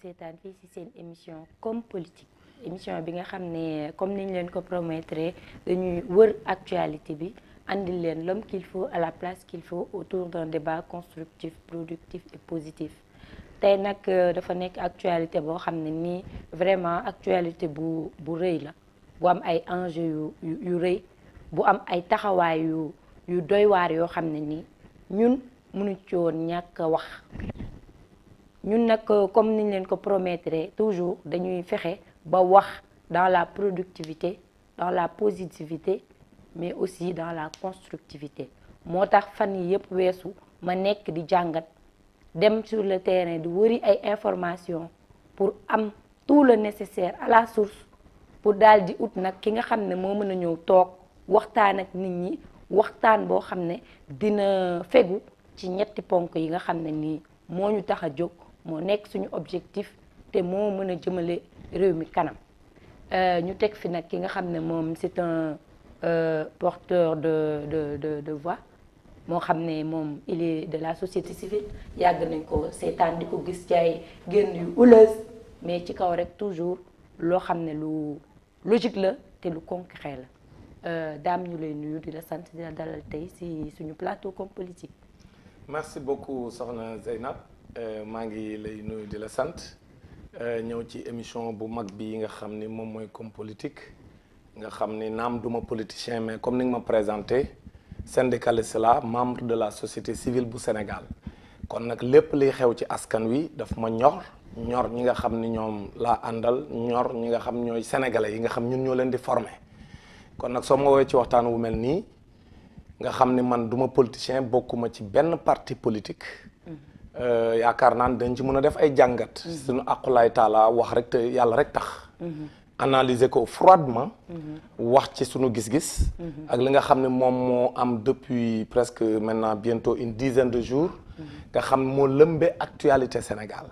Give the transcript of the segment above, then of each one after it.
seetaan fii si seen émission comme politique émission bi nga xam ne comme niñ leen ko promettre dañuy wër actualité bi andil leen l'homme qu'il faut à la place qu'il faut autour d'un débat constructif productif et positif tey nag euh, dafa nekk actualité boo xam ne nii vraiment actualité bu bu rëy la bu am ay enjeux yu yu rëy bu am ay taxawaay yu yu doy waar yoo xam ne nii ñun mënu ci woon ñàkk wax ñun nag euh, comme niñ leen ko promettre toujours dañuy fexe ba wax dans la productivité dans la positivité mais aussi dans la constructivité moo tax fan yi yëpp weesu ma nekk di jàngat dem sur le terrain di wëri ay information pour am tout le nécessaire à la source pour daal di ut nag ki nga xam ne moo mën a ñëw toog waxtaan ak nit ñi waxtaan boo xam ne dina fegu ci ñetti ponk yi nga xam ne nii moo ñu tax a jóg moo nekk suñu objectif te moo mën a jëmale réew mi kanam euh, ñu teg fi nag ki nga xam ne moom c'est un euh, porteur de de de de voix moo xam ne moom il est de la société civile yàgg nañ ko seetaan di ko gis ci ay génn yu houleuse mais ci kaw rek toujours loo xam ne lu logique la te lu concret la euh, daam ñu leen nuyu di la sant di la dalal tey si suñu plateau Comme politique merci beaucoup soxna Euh, maa ngi lay nuyu di la sant euh, ñëw ci émission bu mag bi yi nga xam ni moom mooy comme politique nga xam ni naam duma politicien mais comme ni nga ma présenté syndicaliste la membre de la société civile bu Sénégal kon nag lépp liy xew ci askan wi daf ma ñor ñor ñi nga xam ni ñoom laa àndal ñor ñi nga xam ñooy sénégalais yi nga xam ñun ñoo leen di formé kon nag soo ma woowee ci waxtaan wu mel nii nga xam ni man duma politicien bokkuma ci benn parti politique Euh, yaakaar naan dañ ci mën a def ay jàngat. Mhm. suñu aqulaay taala wax rek te yàlla rek tax. Mhm. analyser ko froidement. Mhm. wax ci sunu gis-gis. ak li nga xam ne moom moo am depuis presque maintenant bientôt une dizaine de jour nga xam moo lëmbee actualité Sénégal.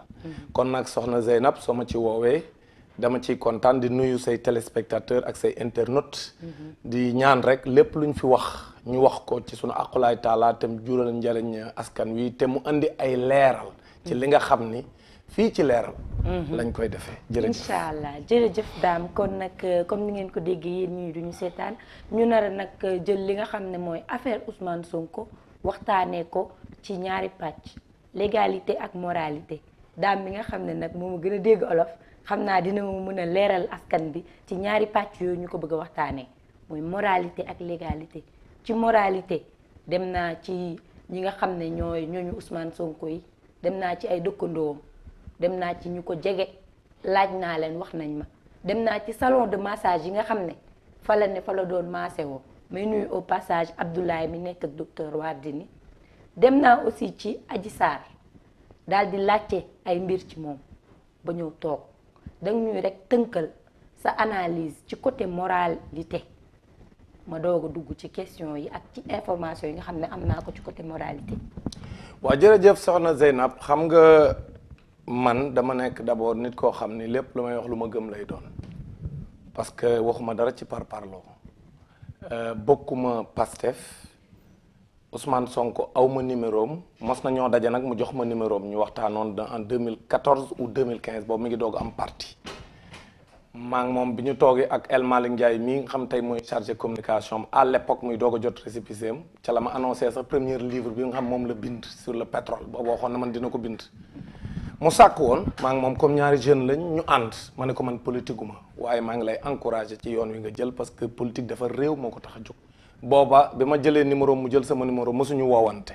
kon nag soxna Zeynab soo ma ci woowee. dama ciy kontaan di nuyu say téléspectateur ak say internet di ñaan rek lépp lu luñ fi wax ñu wax ko ci suñu aqulaay taala te mu jural njariñ askan wi te mu indi ay leeral. ci li nga xam ni fii ci leeral. Mhm. lañ koy defee jërëjëf incha allah jërëjëf daam kon nag euh, comme li ngeen ko déggee yéen ñii duñu seetaan ñu nar nag euh, jël li nga xam ne mooy affaire Ousmane ko waxtaanee ko ci ñaari pàcc légalité ak moralité daam bi nga xam ne nag moom a gën a dégg olof. xam naa dina ma mën a leeral askan bi ci ñaari pàcc yooyu ñu ko bëgg waxtaanee mooy moralité ak légalité ci moralité dem naa ci ñi nga xam ne ñooy ñooñu Ousmane Sonko yi dem naa ci ay dëkkandoom dem naa ci ñu ko jege laaj naa leen wax nañ ma dem naa ci salon de massage yi nga xam ne fa la ne fa la doon massé woo may nuyu au passage Abdoulaye mi nekk docteur Wardini dem naa aussi ci Adji Sarr daal di laajte ay mbir ci moom ba ñëw toog danga ñuy rek tënkal sa analyse ci côté moralité ma doog a dugg ci question yi ak ci information yi nga xam ne am naa ko ci côté moralité. waaw jërëjëf soxna Zeynab xam nga man dama nekk d'abord nit koo xam ni lépp lu may wax lu ma gëm lay doon parce que waxuma dara ci par parparloo euh, bokkuma Pastef Ousmane Sonko aw ma numéro am mos na ñoo daje nag mu jox ma numéro ñu waxtaanoon en 2014 ou boobu mi ngi doog am parti maa ngi moom bi ñu toogee ak El Malick Ndiaye mii nga xam tey mooy chargé communication a ma annoncé sax premier livre bi nga xam moom la bind sur le pétrole boobu waxoon na man dina ko bind. mu sàkk woon maa moom comme ñaari jeune lañ ñu ànd ma ne ko man politique waaye maa ngi lay encouragé ci yoon wi nga jël parce que politique dafa réew moo ko tax a booba bi ma jëlee numéro mu jël sama numéro mësuñu woowante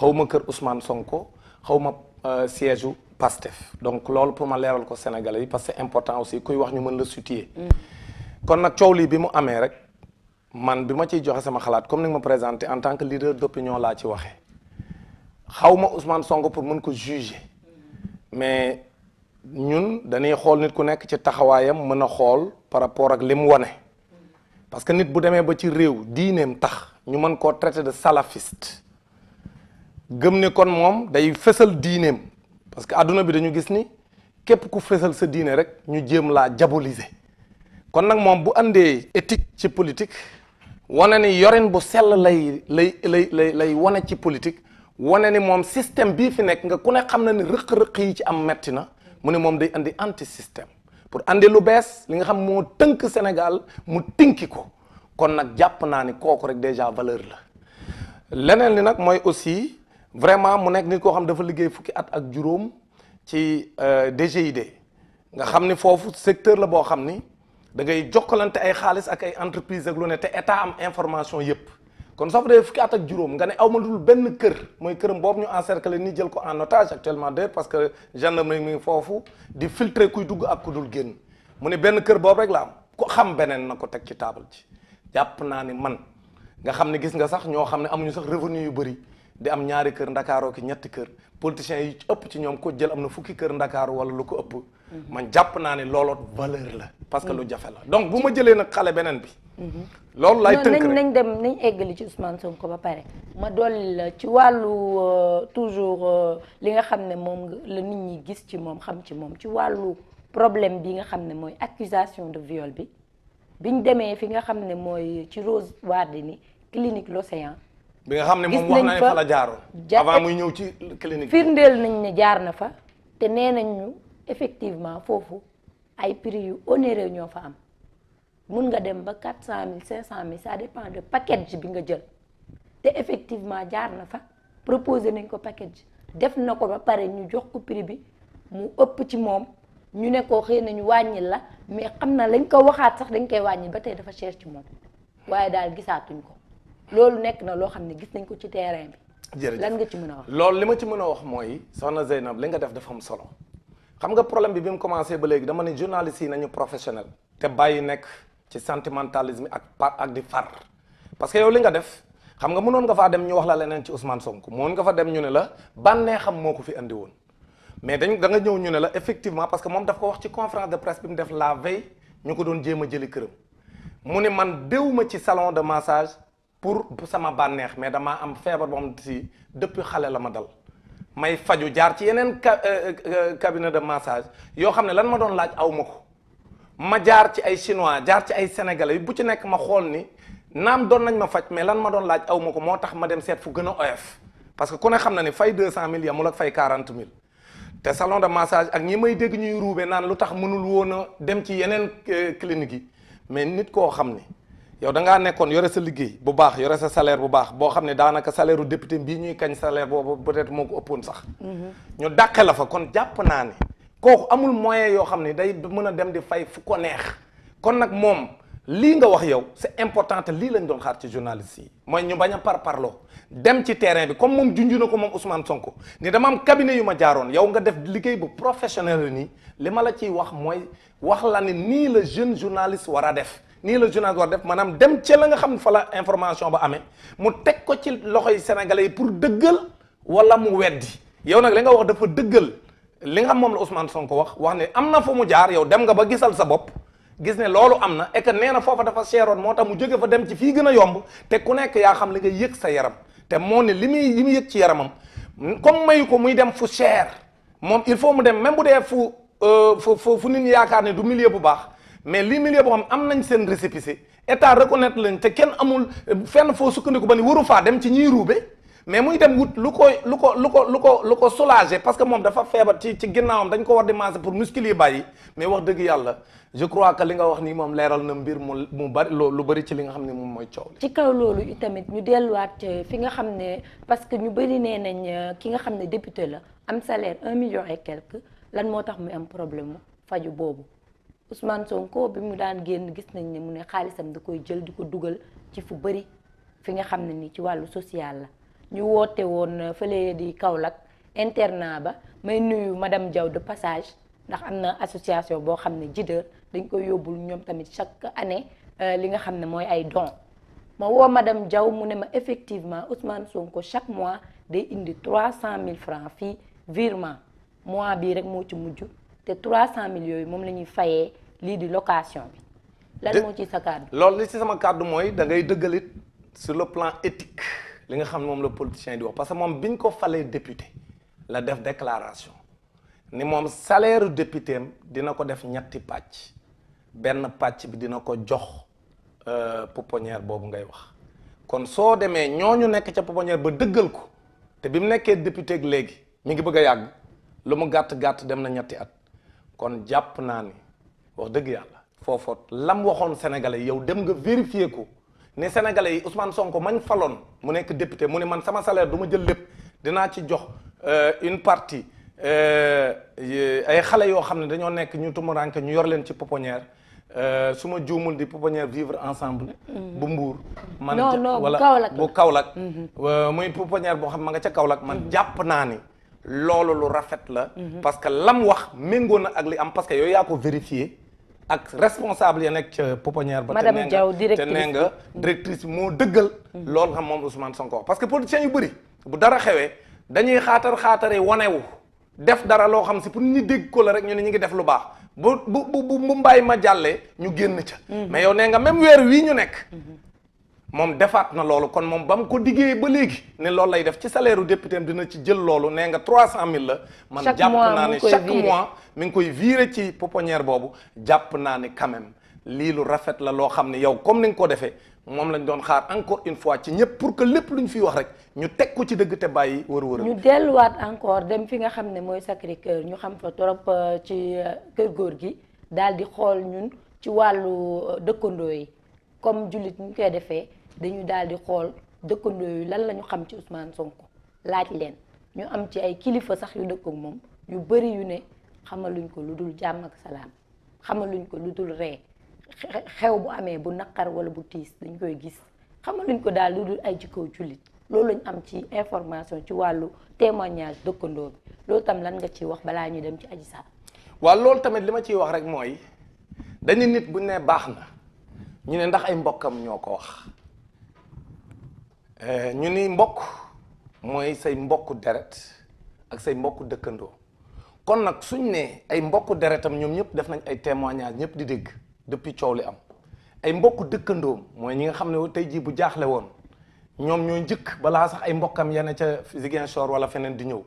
xaw ma kër Ousmane Sonko xaw ma euh, siège u Pastef donc loolu pour ma leeral ko sénégal yi parce que important aussi kuy wax ñu mën la sutiyee mm. kon nag coow lii bi mu amee rek man bi ma ciy joxe sama xalaat comme ni nga ma présenté en tant que leader d'opinion laa ci waxee xaw ma Ousmane Sonko pour mën ko juger mais ñun dañuy xool nit ku nekk ci taxawaayam mën a xool par rapport ak li mu wane parce que nit bu demee ba ci réew diineem tax ñu mën koo traité de salafiste gëm ne kon moom day fësal diineem parce que àdduna bi dañu gis ni képp ku fësal sa diine rek ñu jéem laa diaboliser kon nag moom bu andee éthique ci politique wane ni yorin bu sell lay lay lay lay lay wane ci politique wane ni moom système bii fi nekk nga ku ne xam na ni rëq-rëq yi ci am metti na mu ne moom day indi anti système pour andi lu bees li nga xam moo tënk Sénégal mu tinki ko kon nag jàpp naa ni kooku rek déjà valeur la leneen li nag mooy aussi vraiment mu nekk nit koo xam dafa liggéey fukki at ak juróom ci DGID euh, nga xam ni foofu secteur la boo xam ni da ngay jokkalante ay xaalis ak ay entreprise ak lu ne te état am information yépp kon ça dee fukki at juróom nga ne aw ma dul benn kër mooy këram boobu ñu encercler ni jël ko en otage actuellement de parce que gendarmerie mi ngi foofu di filtrer kuy dugg ak ku dul génn mu ne benn kër boobu rek la am ku xam beneen na ko teg ci table ji jàpp naa ne man nga xam ne gis nga sax ñoo xam ne amuñu sax revenu yu bëri di am ñaari kër ndakaaroo ki ñetti kër politiciens yi ëpp ci ñoom ko jël am na fukki kër ndakaaru wala lu ko ëpp mhm. man jàpp naa ne looloot valeur la parce que mhm. lu jafe la donc bu ma jëlee nag kale beneen bi Mm-hmm. loolu laay tënk rek nañ dem nañ eggali ci Ousmane ko ba pare ma dolli la ci wàllu euh, toujours euh, li nga xam ne moom la nit ñi gis ci moom xam ci moom ci wàllu problème bi nga xam ne mooy accusation de viol bi biñ demee fi nga xam ne mooy ci Rose Wardini clinique l'Océan bi nga xam ne moom wax na ne fa la jaaroon avant muy ñëw ci clinique firndeel nañ ne jaar na fa te nee nañ ñu effectivement foofu ay prix yu onéreux ñoo fa am mun nga dem ba quatre cent mille cinq cent mille ça dépend de package bi nga jël te effectivement jaar na fa proposé nañ ko ji def na ko ba pare ñu jox ko prix bi mu ëpp ci moom ñu ne ko xëy nañu wàññil la mais xam na lañ ko waxaat sax dañ koy wàññil ba tey dafa cher ci moom waaye daal gisaatuñ ko loolu nekk na loo xam ne gis nañ ko ci terrain bi jërëjëf lan nga ci mën a wax loolu li ma ci mën a wax mooy soxna Zeynab li nga def dafa am solo xam nga problème bi bi mu commencé ba léegi dama ne journaliste yi nañu te bàyyi nekk ci sentimentalisme ak par ak di far parce que yow li nga def xam nga mënoon nga faa dem ñu wax la leneen ci Ousmane sonk moom nga fa dem ñu ne la bànnee xam moo ko fi indi woon mais dañ danga nga ñëw ñu ne la effectivement parce que moom daf ko wax ci conférence de presse bi mu def la veille ñu ko doon jéem a jëli këram mu ne man déwuma ci salon de massage pour sama bànneex mais damaa am feebar boo si depuis xale la ma dal may faju jaar ci yeneen euh, euh, euh, cabinet de massage yoo xam ne lan ma doon laaj aw ma ko ma jaar ci ay chinois jaar ci ay sénégalais bu ci nekk ma xool ni naam doon nañ ma faj mais lan ma doon laaj aw ma ko moo tax ma dem seet fu gën a oyof parce que ku ne xam na ne fay 200000 yamul ak fay 40000 te salon de massage ak ñi may dégg ñuy ruube naan lu tax mënul woon a dem ci yeneen euh, clinique yi mais nit koo xam ni yow da ngaa nekkoon yore sa liggéey bu baax yore sa salaire bu baax boo xam ne daanaka salaire u député bii ñuy kañ salaire boobu peut-être moo ko ëppoon sax. Mm-hmm. ñu dàqe la fa kon jàpp naa ne. kooku amul moyen yoo xam ne day mën a dem di fay fu ko neex kon nag moom lii nga wax yow c'est important te lii lañ doon xaar ci journaliste yi mooy ñu bañ a par parloo dem ci terrain bi comme moom junj na ko moom Ousmane sonk ni dama am cabinet yu ma jaaroon yow nga def liggéey bu professionnel nii li ma la ciy wax mooy wax la ne nii la jeune journaliste war a def nii la journaliste war a def maanaam dem ci la nga xam fa la information ba amee mu teg ko ci loxoy sénégalais yi pour dëggal wala mu weddi yow nag li nga wax dafa dëggal. li nga xam moom la Ousmane Sonko wax wax ne am na fu mu jaar yow dem nga ba gisal sa bopp gis ne loolu am na et que nee na foofa dafa seeroon moo tax mu jóge fa dem ci fii gën a yomb te ku nekk yaa xam li nga yëg sa yaram te moo ne li muy li muy yëg ci yaramam comme mayu ko muy dem fu cher moom il faut mu dem même bu dee fu euh, fu fu nit ñi yaakaar ne du milieu bu baax mais lii milieu boo xam am nañ seen récépissé état reconnaître lañ te kenn amul fenn foo sukkandiku ba ni waru faa dem ci ñiy ruube mais muy dem wut lu ko lu ko lu ko lu ko lu ko soulager parce que moom dafa feebar ci ci ginnaawam dañ ko war di masser pour muscles yi bàyyi mais wax dëgg yàlla je crois que li nga wax nii moom leeral na mbir mu mu bari lu bari ci li nga xam ne moom mooy coow ci kaw loolu itamit ñu dellu delluwaat fi nga xam ne parce que ñu bari nee nañ euh, ki nga xam ne député la am salaire un million et quelque lan moo tax muy am problème mu faju boobu Ousmane Sonko bi mu daan génn gis nañ ne mu ne xaalisam da koy jël di ko dugal ci fu bari fi nga xam ne nii ci wàllu social la ñu woote woon euh, fële di Kaolack internat ba may nuyu madame Diaw de passage ndax am na association boo xam ne JIDER dañ koy yóbbul ñoom tamit chaque année euh, li nga xam ne mooy ay dons ma woo madame Diaw mu ne ma effectivement Ousmane ko chaque mois day indi cent mille francs fii virement mois bii rek moo ci mujj te trois cent mille yooyu moom la ñuy fayee lii di location bi. lan moo ci sa kàddu. loolu li ci sama kàddu mooy da ngay dëggalit sur le plan éthique. li nga xam ne moom la politicien di wax parce que moom bi ñu ko falee député la def déclaration ni moom salaire député am dina ko def ñetti pàcc benn pàcc bi dina ko jox euh, pouponnière boobu ngay wax kon soo demee ñoo ñu nekk ca pouponnière ba dëggal ko te bi mu nekkee député ak léegi mu ngi bëgg a yàgg lu mu gàtt gàtt dem na ñetti at kon jàpp naa ni wax dëgg yàlla foofoot lam waxoon sénégalais yow dem nga vérifier ko ne sénégalais yi Ousmane Sonko mañ faloon mu nekk député mu ne man sama salaire du ma jël lépp dinaa ci jox euh, une partie euh, ay xale yoo xam ne dañoo nekk ñu tumuranke ñu yor leen ci pouponnière euh, su ma juumul di pouponnière vivre ensemble mm. bu mbuur man wala bu Kaolack mm-hmm. muy pouponnière boo xam ma nga ca Kaolack man mm-hmm. jàpp naa ni loolu lu rafet la mm-hmm. parce que lam wax méngoo na ak li am parce que yooyu yaa ko vérifié ak responsable ya nekk ca pouponnière ba te nee nga te nee directrice moo dëggal loolu xam moom Ousmane Sonko parce que politiciens yu bëri bu dara xewee dañuy xaatar xaatare wanewu def dara loo xam si pour ñu dégg ko la rek ñu ne ñu ngi def lu baax bu bu bu bu mbaay ma jàllee ñu génn ca mm-hmm. mais yow nee nga même weer wii ñu nekk mm-hmm. moom defaat na loolu kon moom ba mu ko diggee ba léegi ne loolu lay def ci salaire u député dina ci jël loolu nee nga trois cent mille la man jàpp naa ne chaque mois mi ngi koy virer ci pouponnière boobu jàpp naa ne quand lii lu rafet la loo xam ne yow comme ni nga ko defee moom lañ doon xaar encore une fois ci ñëpp pour que lépp lu ñu fiy wax rek ñu teg ko ci dëgg te bàyyi wër-wër. ñu delluwaat encore dem fi nga xam ne mooy Sacré ñu xam fa trop euh, ci euh, góor gi daal di xool ñun ci wàllu euh, dëkkandoo yi comme jullit koy defee dañuy daal di xool dëkkandoo yu lan la ñu xam ci Ousmane Sonko laaj leen ñu am ci ay kilifa sax yu dëkk moom yu bëri yu ne xamaluñ ko lu dul jàmm ak salaam xamaluñ ko lu dul rey xew bu amee bu naqar wala bu tiis dañ koy gis xamaluñ ko daal lu dul ay jikkoo jullit loolu lañ am ci information ci wàllu témoignage dëkkandoo bi loolu tam lan nga ciy wax balaa ñu dem ci Adji Sarr waaw loolu tamit li ma ciy wax rek mooy dañu nit bu ne baax na ñu ne ndax ay mbokkam ñoo ko wax Eh, ñu ni mbokk mooy say mbokku deret ak say mbokku dëkkandoo kon nag suñ ne ay mbokku deretam ñoom ñëpp def nañ ay témoignages ñëpp di dégg depuis coow li am ay mbokk dëkkandoo mooy ñi nga xam ne tey jii bu jaaxle woon ñoom ñooy njëkk balaa sax ay mbokkam yenn ca Ziguinchor wala feneen di ñëw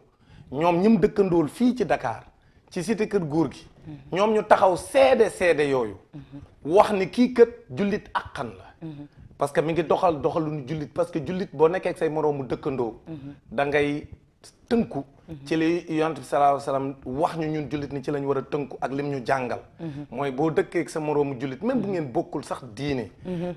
ñoom ñim dëkkandool fii ci Dakar ci cité kër góor gi ñoom ñu taxaw seede seede yooyu mm-hmm. wax ni kii kët jullit àqan la mm-hmm. parce que mi ngi doxal doxaluñu jullit parce que jullit boo nekkee ak say moroomu dëkkandoo. Mhm. da ngay tënku. Mhm. ci li yonent bi salaahu salaam wax ñu ñun jullit ni ci lañ war a tënku ak lim ñu jàngal. Mhm. mooy boo dëkkee sa moroomu jullit même bu ngeen bokkul sax diine.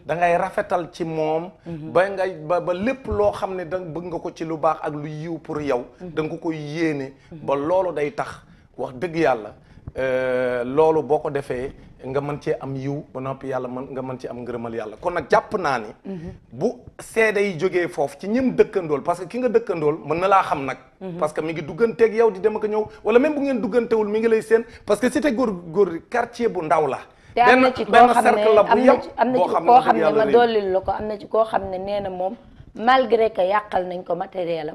dangay rafetal ci moom. ba ngay ba ba lépp loo xam ne da bëgg nga ko ci lu baax ak lu yiw pour yow. da ko koy yéene. ba loolu day tax wax dëgg yàlla euh, loolu boo ko defee. nga mën cee am yiw ba noppi yàlla mën nga mën ci am ngërëmal yàlla kon nag jàpp naa ni mhm. bu seede yi jógee foofu ci ñim dëkkandool parce que ki nga dëkkandool man na laa xam nag mhm. parce que mi ngi dugganteeg yow di dem ak ñëw wala même duggantewul mi ngi lay seen parce que cité góor góor quartier bu ndaw la te am na ci koo xam ne koo xam ne ma dollil la ko am na ci koo xam ne nee na moom malgré que yàqal nañ ko matériel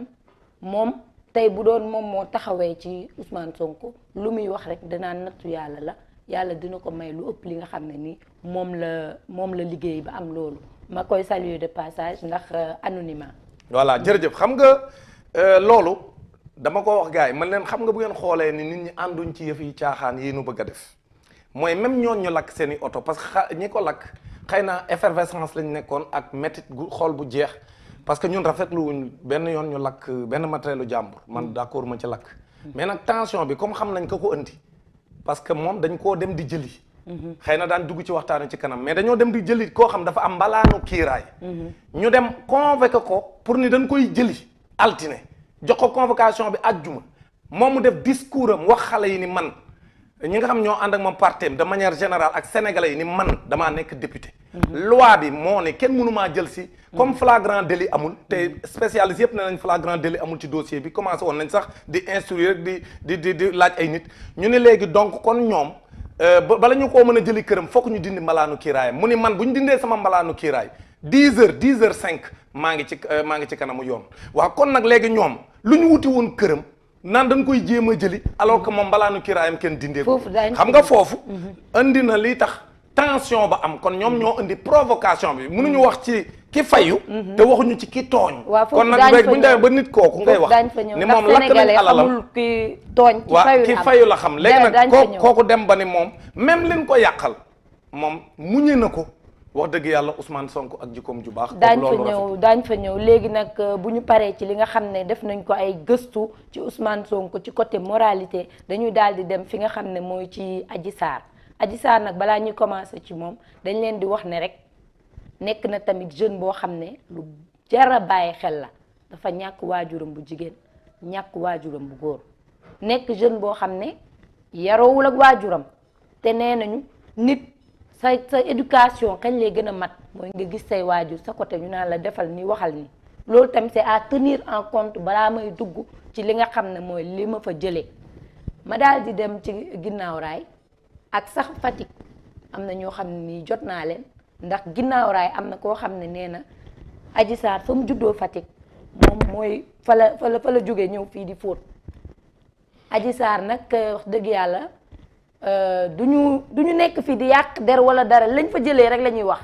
moom tey bu doon moom moo taxawee ci Ousmane Sonko lu muy wax rek danaa nattu yàlla la yàlla dina ko may lu ëpp li nga xam ne ni moom la moom la liggéey ba am loolu ma koy saluer de passage ndax euh, anonymat. voilà jërëjëf xam nga euh, loolu dama ko wax gaa yi man leen xam nga bu ngeen xoolee ni nit ñi ànduñ ci yëf yi caaxaan yi nu bëgg a def mooy même ñoon ñu lakk seen i oto parce que ñi ko lakk xëy na effervescence lañ nekkoon ak métit gu xool bu jeex parce que ñun rafetlu wuñ benn yoon ñu lakk benn matérielu jàmbur man mm. d'accord ma ci lakk mais nag tension bi comme xam nañ ko ko indi parce que moom dañ koo dem di jëli. Mhm. xëy na daan dugg ci waxtaanu ci kanam mais dañoo dem di jëli koo xam dafa am mbalaanu kiiraay. Mhm. ñu dem convoqué ko pour ni dañ koy jëli. altine jox ko convocation bi àjjuma moom mu def discours am wax xale yi ni man ñi nga xam ñoo ànd ak moom parteem de manière général ak sénégalais yi ni man damaa nekk député. Mhm. loi bi moo ne kenn mënu maa jël si. comme flagrant délit amul te spécialiste yëpp ne nañ flagrant délit amul ci dossier bi commencé woon nañ sax di instruire di di di di laaj ay nit ñu ne léegi donc kon ñoom euh, bala ñu koo mën a jëli këram fokk ñu dindi mbalaanu kiiraayam mu ni man bu ñu dindee sama mbalaanu kiiraay dix heures dix heures cinq maa ngi ci euh, maa ngi ci kanamu yoon waa kon nag léegi ñoom lu ñu wuti woon këram nan dañ koy jéem a jëli alors que moom mbalaanu kiiraayam kenn dindee ko xam nga foofu indi mhm. na li tax tension ba am kon ñoom ñoo indi provocation bi mënuñu wax ci ki fayu mhm. te waxuñu ci ki tooñ kon nag rek bu ñu demee ba nit kooku ngay wax ni moom lakk nañ alalam ki tooñ waaw ki fayu la xam léegi nag koo kooku dem ba ni moom même liñ ko yàqal moom muñe na ko wax dëgg yàlla Ousmane Sonko ak jikkoom ju baax daañ fa ñëw fa ñëw léegi nag euh, bu ñu paree ci li nga xam ne def nañ ko ay gëstu ci Ousmane Sonko ci côté moralité dañuy daal di dem fi nga xam ne mooy ci Adji Sarr Adji nag balaa ñuy commencé ci moom dañ leen di wax ne rek nekk na tamit jeune boo xam ne lu jara xel la dafa ñàkk waajuram bu jigéen ñàkk waajuram bu góor nekk jeune boo xam ne yaroowul ak waajuram te nee nañu nit sa sa éducation kañ lay gën a mat mooy nga gis say waajur sa côté ñu naa la defal ni waxal ni loolu tamit c'est à tenir en compte balaa may dugg ci li nga xam ne mooy li ma fa jëlee ma dal di dem ci ginnaaw raay ak sax Fatick am na ñoo xam ne nii jot naa leen ndax ginnaaw raay am na koo xam ne nee na Adji Sarr fa mu juddoo Fatick moom mooy fa la fa la fa la jógee ñëw fii di fóot Adji Sarr nag euh, wax dëgg yàlla euh, du ñu du ñu nekk fii di yàq der wala dara lañ fa jëlee rek la ñuy wax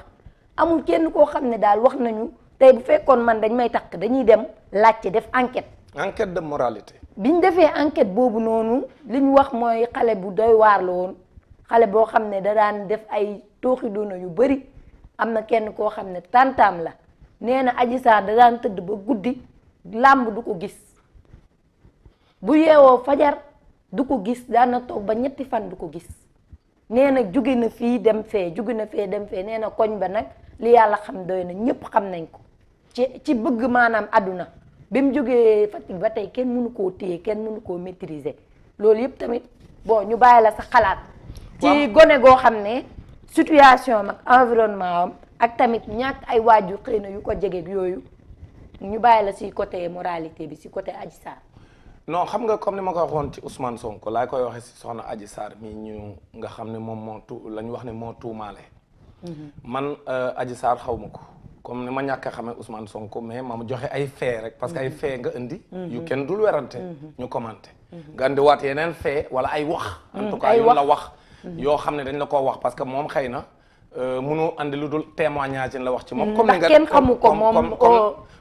amul kenn koo xam ne daal wax nañu tey bu fekkoon man dañ may takk dañuy dem laajte def enquête. enquête de moralité. bi ñu defee enquête boobu noonu li ñu wax mooy xale bu doy waar la woon xale boo xam ne da daan def ay tooxi doona yu bari am na kenn koo xam ne tàntam la nee na Adji Sarr da daan tëdd ba guddi làmb du ko gis bu yeewoo fajar du ko gis daan na toog ba ñetti fan du ko gis nee na jóge na fii dem fee jóge na fee dem fee nee na koñ ba nag li yàlla xam doy na ñépp xam nañ ko ci ci bëgg maanaam àdduna bi mu jógee Fatick ba tey kenn mënu koo téye kenn mënu koo maîtriser loolu yëpp tamit boo ñu bàyyi la sa xalaat ci gone goo xam ne situation mag environnement ak tamit ñàkk ay waajur xëy na yu ko jegeeg yooyu ñu bàyyi la si côté moralité bi si côté Adji Sarr non xam nga comme ni ma ko waxoon ci Ousmane Sonko laa koy waxee si soxna Adji Sarr mi ñu nga xam ne moom moo tu la ñu wax ne moo tuumaale mhm. man euh, Adji Sarr xaw ma ko comme ni ma ñàkk a xamee Ousmane Sonko mais ma joxe ay fee rek parce que ay mhm. fee nga indi mhm. yu kenn dul werante ñu commenté nga indi waat yeneen fee wala ay wax en tout cas yu wax yoo xam ne dañ la koo wax parce que moom xëy na euh, andi lu dul témoignage la wax ci moom. Mm, oh.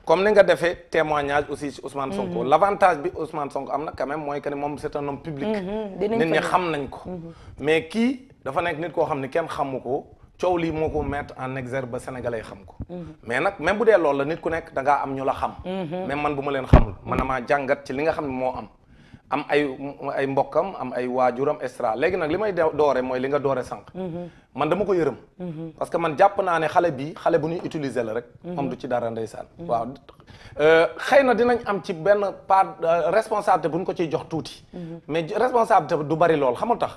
comme ni nga kenn témoignage aussi ci Ousmane Sonko. Mm-hmm. l' bi Ousmane Sonko am na quand mooy que ne moom c' est un mm-hmm. nit ñi xam nañ ko. Mm-hmm. mais kii dafa nekk nit koo xam ne kenn xamu ko. coow lii moo ko mettre en exergue ba sénégalais xam ko mais nag même bu dee loolu la nit ku nekk da am ñu la xam même man bu ma leen xamul man na maa jàngat ci li nga xam ne moo am ay ay mbokkam am ay waajuram extra léegi nag li may doore mooy li nga doore sànq mm-hmm. man dama ko yërëm mm-hmm. parce que man jàpp naa ne xale bii xale bu ñuy utiliser la rek mm-hmm. moom du ci dara ndeysaan waaw euh, xëy na dinañ am ci benn part euh, responsabilité bu ñu ko ciy jox tuuti mais responsabilité du bari lool xamul tax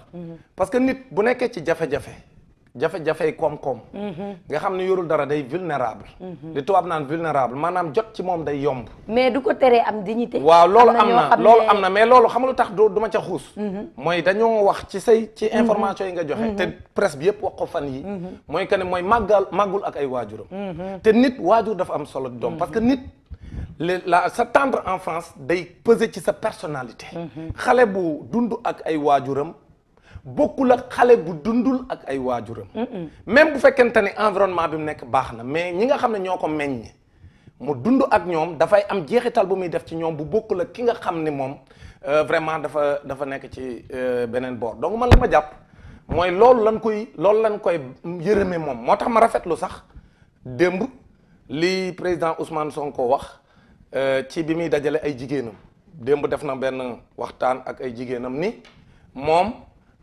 parce que nit bu nekkee ci jafe-jafe jafe-jafey koom-koom mhm. nga xam ne yorul dara day vulnérable mhm. li tubaab naan vulnérable maanaam jot ci moom day yomb mais du ko teree am dignité waaw loolu am na loolu am na mais loolu xamalu tax du ma ca xuus mhm. mooy dañoo wax ci say ci information yi nga joxe te presse bi yëpp wax ko fan yi mooy que ne mooy màggal màggul ak ay waajuram te nit waajur dafa am solo doom parce que nit la sa tendre enfance day peser ci sa personnalité xale bu dund ak ay waajuram bokkul ak xale bu dundul ak ay waajuram. même bu fekkente ne environnement bi mu nekk baax na mais ñi nga xam ne ñoo ko meññ. mu dund ak ñoom dafay am jeexital bu muy def ci ñoom bu bokkul ak ki nga xam ni moom euh, vraiment dafa dafa nekk ci euh, beneen boor donc man la ma jàpp mooy loolu lañ koy loolu lañ koy yërëme moom moo tax ma rafetlu sax démb li président Ousmane Sonko wax euh, ci bi muy dajale ay jigéenam démb def na benn waxtaan ak ay jigéenam ni moom.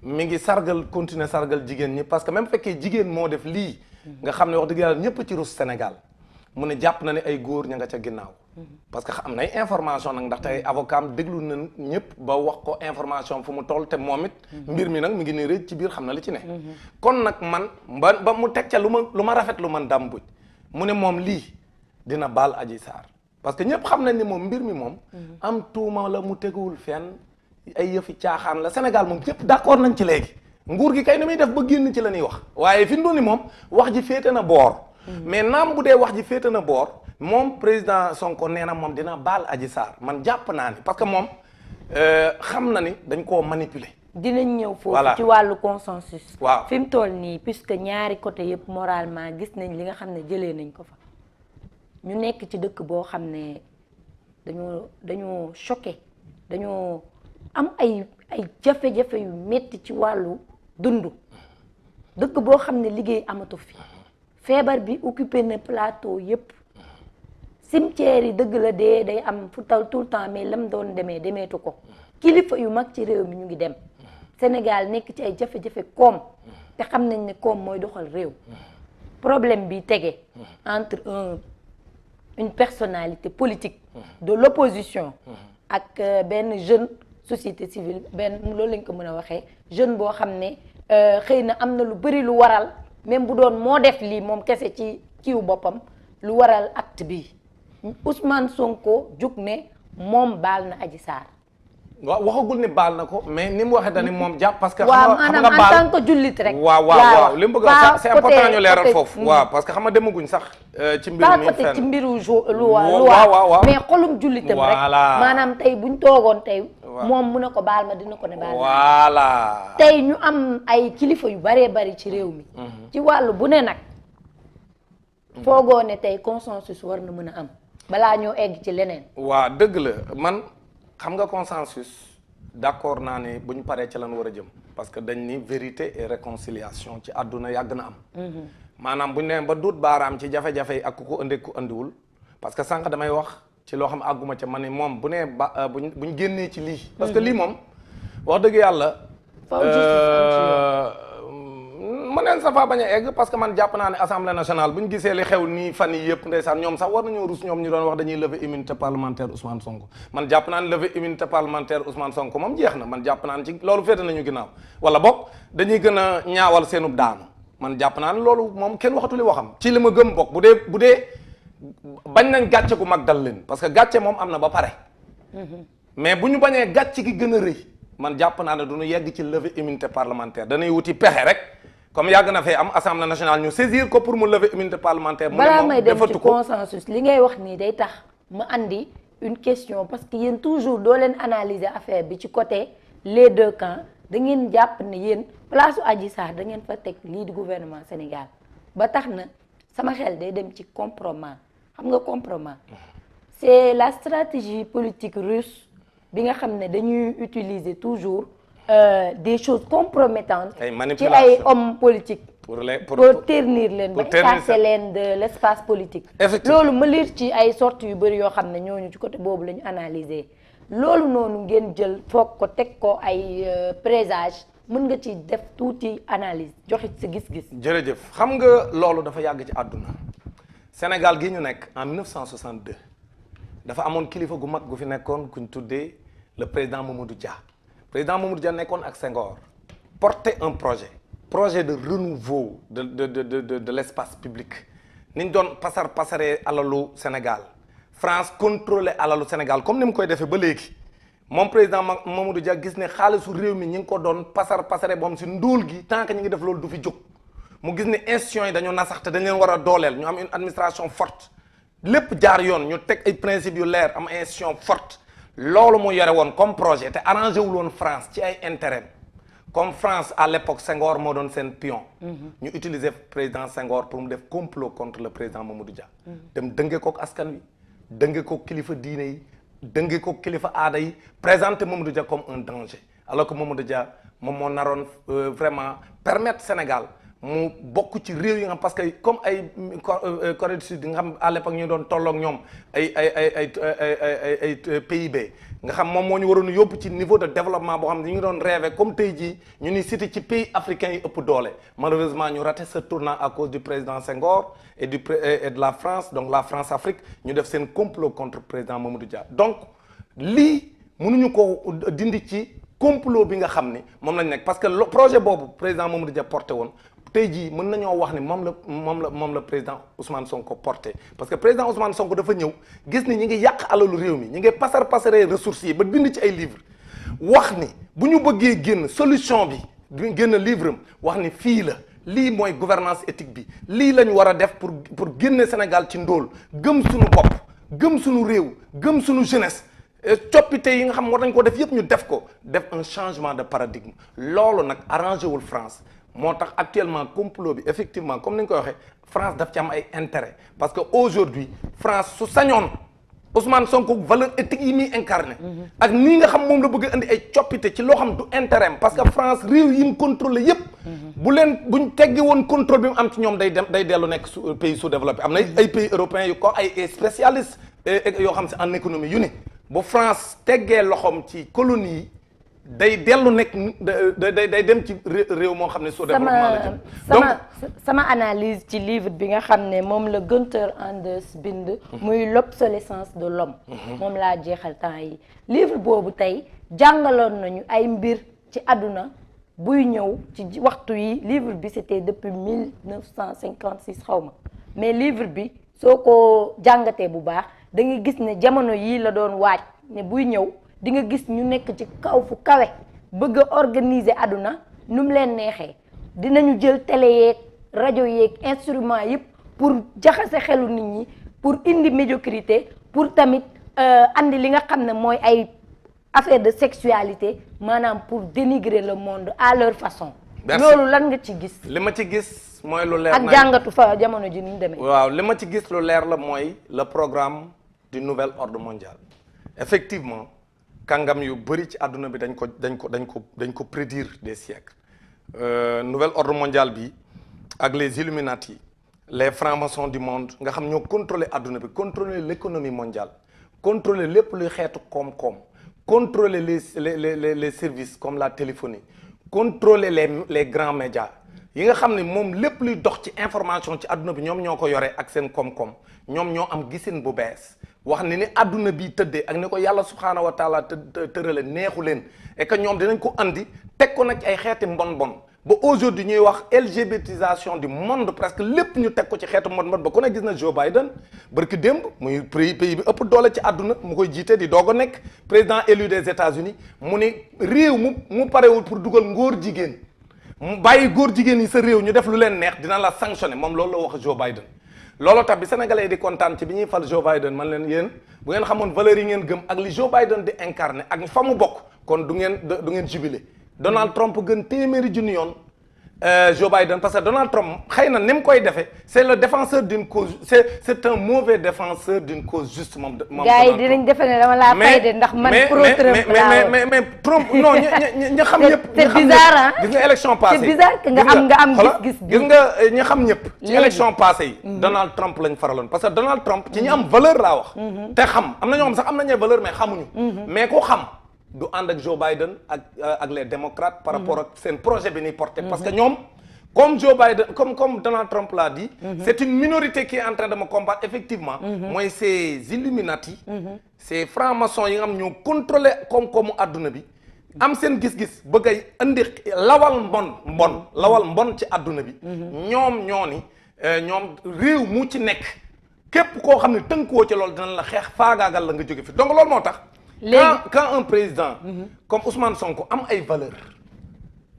mi ngi sargal continuer sargal jigéen ñi parce que même fekkee jigéen moo def lii nga xam ne wax dëgg yàlla ñëpp ci rus Sénégal mu ne jàpp na ne ay góor ña nga ca ginnaaw parce que am na information nag ndaxte ay avocat am déglu na ñëpp ba wax ko information fu mu toll te moom it mbir mi nag mu ngi ni rëcc ci biir xam na li ci ne kon nag man ba ba mu teg ca lu ma lu ma rafet lu man dàmbuj mu ne moom lii dina baal aji Sarr parce que ñëpp xam nañ ni moom mbir mi moom mu teguwul fenn ay yëfi caaxaan la Sénégal moom yëpp d'accord nañ ci léegi nguur gi kay ni muy def ba génn ci la ñuy wax waaye fi mu doon moom wax ji féete na boor. Mm. mais naam bu dee wax ji féete na boor moom président Sonko nee na moom dina baal aji Sarr man jàpp naa ni parce que moom euh, xam na ni dañ ko manipuler. dinañ ñëw foofu ci wàllu consensus. waaw fi mu toll nii puisque ñaari côté yëpp moralement gis nañ li nga xam ne jëlee nañ ko fa. ñu nekk ci dëkk boo xam ne dañoo dañoo choqué dañoo am ay ay jafe-jafe yu metti ci wàllu dund dëkk boo xam ne liggéey amatu fi feebar bi occupé na plateau yépp cimetière yi dëgg la dee day am fu tout le temps mais lam doon demee demeetu ko kilifa yu mag ci réew mi ñu ngi dem Sénégal nekk ci ay jafe-jafe koom te xam nañ ne koom mooy doxal réew problème bi tege entre un une personnalité politique de l'opposition ak euh, benn jeune société civile benn loolu lañ ko mën a waxee jeune boo xam ne euh, xëy na am na lu bëri lu waral même bu doon moo def lii moom kese ci kiiw boppam lu waral acte bi Ousmane Sonko jug ne moom baal na Adji Sarr waaw waxagul ni baal na ko mais ni mu waxee dañu moom jàpp parce que. xam nga xam nga baal en tant que jullit rek. waaw waaw waaw li mu bëgg a c'est important ñu leeral foofu. waaw parce que xam nga demaguñ sax. Euh, ci mbiru mi fenn ci mbiru jo luwa luwa mais xolum jullitam rek. voilà maanaam tey buñ toogoon tey. moom mu ne ko baal ma dina ko ne baal voilà tey ñu am ay kilifa yu baree bari ci réew mi. Mhm. ci wàllu bu ne nag. foogoo ne tey consensus war na mën a am balaa ñoo egg ci leneen. waaw dëgg la man. xam nga consensus d'accord naa ne bu ñu paree ci lan war a jëm parce que dañ ni vérité et réconciliation ci àdduna yàgg na am mm-hmm. maanaam bu ñu nee ba duut baaraam ci jafe-jafe ak ku ko ëndee ku andiwul parce que sànq damay wax ci loo xam àgguma ca ma ne moom bu nee ba euh, bu ñu génnee ci lii parce que mm-hmm. lii moom wax dëgg yàlla man sa faa bañ a egg parce que man jàpp naa ne assemblée nationale bu ñu gisee li xew nii fan yii yëpp ndeysaan ñoom sax war nañoo rus ñoom ñu doon wax dañuy lever immunité parlementaire Ousmane Sonko man jàpp naa ne lever immunité parlementaire Ousmane moom jeex na man jàpp loolu gën a ñaawal seenub daanu man jàpp naa ne loolu moom kenn waxatu li waxam ci li ma gëm bokk bu dee bu dee bañ nañ gàcce ku mag dal leen parce que gàcce moom am na ba pare mais bu ñu bañee gàcce gi gën a rëy man jàpp naa ne duñu yegg ci lever immunité parlementaire danay wuti pexe rek comme yàgg na fee am assemblée nationale ñu saisir ko pour mu lever immunité parlementaire. mu ne balaa may dem ci consensus li ngay wax nii day tax ma andi une question parce que yéen toujours doo leen analyser affaire bi ci coté les deux camps da ngeen jàpp ne yéen place u Adji Sarr da ngeen fa teg lii di gouvernement Sénégal ba tax na sama xel day dem ci comproment xam nga comproment c'est la stratégie politique russe bi nga xam ne dañuy utiliser toujours. Euh, des choses compromettantes ci ay hommes politiques pour les pour ternir leen ba écarter leen de l'espace politique loolu ma liir ci ay sorties yu bëri yoo xam ne ñooñu ci côté boobu lañu ñu loolu noonu ngeen jël foog ko teg ko ay euh, présage mën nga ci def tuuti analyse joxe sa gis-gis jërëjëf xam nga loolu dafa yàgg ci àdduna Sénégal gi ñu nekk en 1962 dafa amoon kilifa gu mag gu fi nekkoon kuñ tuddee le président Mamadou Dia président Mamadou Dia nekkoon ak Senghor porter un projet projet de renouveau de de de de de l' espace public ni ñu doon pasar pasaree alalu Sénégal France contrôler alalu Sénégal comme ni mu koy defee ba léegi moom président Mamadou Dia gis ne xaalisu réew mi ñi ngi ko doon pasar pasaree ba mu si ndóol gi tant que ngi def loolu du fi jóg mu gis ne institutions yi dañoo nasax te dañ leen war a dooleel ñu am une administration forte lépp jaar yoon ñu teg ay principes yu leer am institution forte. loolu mu yore woon comme projet te arrangé wul woon France ci ay intérêt comme France à l'époque Senghor moo doon seen pion. Mhm. ñu utiliser président Senghor pour mu def complot contre le président du Dia. Mhm. dem dënge kook askan wi dënge kook kilifa diine yi dënge kook kilifa aada yi présenter du Dia comme un danger alors que Mamadou Dia moom moo naroon euh, vraiment permettre Sénégal. mu bokk ci réew yi nga xam parce que comme ay euh, euh, Corée du Sud nga xam à l'époque ñu doon tollook ñoom ay ay ay ay ay ay nga xam moom moo ñu waroon yóbbu ci niveau de développement boo xam ni ñu doon rêvé comme tey jii ñu ni cité ci pays africains yi ëpp doole malheureusement ñu rate ce tournant a cause du président Senghor et du et de la France donc la France Afrique ñu def seen complot contre président Mamadou Dia donc lii mënuñu ko dindi ci complot bi nga xam ni moom lañ nekk parce que projet boobu président Mamadou Dia porté woon tey jii mën nañoo wax ne moom la moom la moom la président Ousmane Sonko porté parce que président Ousmane Sonko dafa ñëw gis ni ñi ngi yàq alalu réew mi ñi ngi pasar pasaree ressources yi ba bind ci ay livres wax ni bu ñu bëggee génn solution bi du génn livre am wax ni fii la lii mooy gouvernance éthique bi lii la war a def pour pour génne Sénégal ci ndóol gëm suñu bopp gëm suñu réew gëm suñu jeunesse. coppite yi nga xam war nañ ko def yëpp ñu def ko def un changement de paradigme loolu nag arrangé wul France moo tax actuellement complot bi effectivement comme ni nga ko waxee France daf ci am ay intérêt parce que aujourd'hui France su sañoon Ousmane Sonko valeur éthique yi mii incarné. Mhm. ak nii nga xam moom la bëgg indi ay coppite ci loo xam du intérêt am parce que France réew yi mu contrôlé yépp mhm. bu leen buñ teggi woon contrôle bi mu am ci ñoom day dem day dellu nekk sous euh, pays su développé am na mhm. ay pays européens yu ko ay spécialistes yoo xam si en économie yu ne bu France teggee loxoom ci colonie yi. day dellu nekk day dem ci réew moo xam ne sous développement la jëm donc sama analyse ci livre bi nga xam ne moom la en Anders bind mhm. muy l'obsolescence de l'homme mhm. moom laa jeexal temps yi livre boobu tey jàngaloon nañu ay mbir ci àdduna buy ñëw ci waxtu yi livre bi c'était depuis mille neuf cent cinquante six xaw ma mais livre bi soo ko jàngatee bu baax da nga gis ne jamono yii la doon waaj ne buy ñëw dinga gis ñu nekk ci kaw fu kawe bëgg organiser àdduna num leen neexee dinañu jël télé yeeg rajo yeeg instrument yëpp pour jaxase xelu nit ñi pour indi médiocrité pour tamit euh, andi li nga xam ne mooy ay affaire de sexualité maanaam pour dénigrer le monde à leur façon. loolu lan nga ci gis. li ma ci gis mooy lu leer. ak jàngatu fa jamono ji ni mu waaw li ma ci gis lu leer la mooy le programme du nouvelle ordre mondial effectivement. kàngam yu bëri ci àdduna bi dañ ko dañ ko dañ ko dañ ko prédire des siècles euh, nouvelle ordre mondial bi ak les Illuminati les francs-maçons du monde nga xam ñoo contrôler àdduna bi contrôler l'économie mondiale contrôler lépp luy xeetu koom-koom les les les les services comme la téléphonie contrôler les les grands yi nga xam ne moom lépp luy dox ci information ci àdduna bi ñoom ñoo ko yoree ak seen koom-koom ñoom ñoo am gisin bu bees wax ne ni àdduna bi tëddee ak ni ko yàlla subhaanahu wa taala të tërale neexu leen et que ñoom dinañ ko indi teg ko nag ay xeeti mbon bon ba aujourd'hui ñuy wax LGBTisation du monde presque lépp ñu teg ko ci xeetu mbon mbon ba ku ne gis na Joe Biden barki démb muy pays pays bi ëpp doole ci àdduna mu koy jiite di doog a nekk président élu des États-Unis mu ne réew mu mu parewul pour dugal ngóor jigéen mu bàyyi góor jigéen yi sa réew ñu def lu leen neex dina la sanctionner moom loolu la wax Joe Biden looloo tax bi sénégalais di kontaan ci bi ñuy fal Joe Biden man leen yéen bu ngeen xamoon valeur yi ngeen gëm ak li Joe Biden di incarné ak fa mu bokk kon du ngeen du ngeen jubilé Donald Trump gën téeméeri junni yoon Euh, Joe Biden parce que Donald Trump xëy na ni koy defee c' est le défenseur d' une cause c' est c' est un mauvais défenseur d' juste moom. moom gars yi dinañ defe ne dama Trump laa mais mais mais Trump non ñi xam ñëpp. c' est bizarre gis nga élection passée. c' nga am nga am gis-gis. gis nga euh, ñi xam ñëpp. Mm-hmm. Donald Trump lañ faraloon parce que Donald Trump. ci ñi am valeur laa wax. Mm-hmm. te xam am na ñoo xam sax am nañu valeur mais xamuñu. Mm-hmm. mais ku xam. du ànd ak Joe Biden ak euh, ak les démocrates par rapport ak seen projet bi ñuy porté parce que ñoom comme Joe Biden comme comme Donald Trump l'a dit c'est une minorité qui est en train de me combattre effectivement mooy ces Illuminati ces francs-maçons yi nga xam ñoo contrôlé koom-koomu àdduna bi am seen gis-gis bëgg ay indi lawal mbon mbon lawal mbon ci àdduna bi ñoom ñoo ni euh, ñoom réew mu ci nekk képp koo xam ne tënkuwoo ci loolu dinañ la xeex faagaagal la nga jóge fi donc loolu moo tax léegi quand un président. comme Ousmane Sonko am ay valeur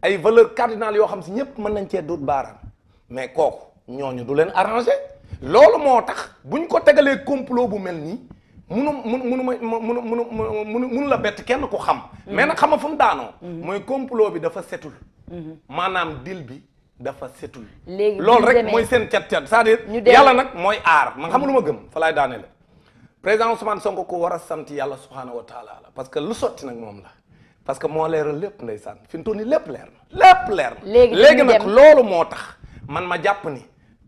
ay valeur cardinal yoo xam si ñëpp mën nañ cee dut baaraam mais kooku ñooñu du leen arranger loolu moo tax bu ñu ko tegalee complot bu mel nii munu munu munu munu munu la bett kenn ku xam. mais nag xam nga fu daanoo. mooy complot bi dafa setul. maanaam dil bi dafa setul. léegi loolu rek mooy seen cat cat c'est-à-dire. yàlla nag mooy aar man xam lu ma gëm fa laay daanee président Ousmane Sonko ko war a sant yàlla subhaanahu wa taala la parce que lu sotti nag moom la parce que moo leeral lépp ndeysaan sant mu toll lépp leer lépp leer na léegi nag loolu moo tax man ma jàpp ni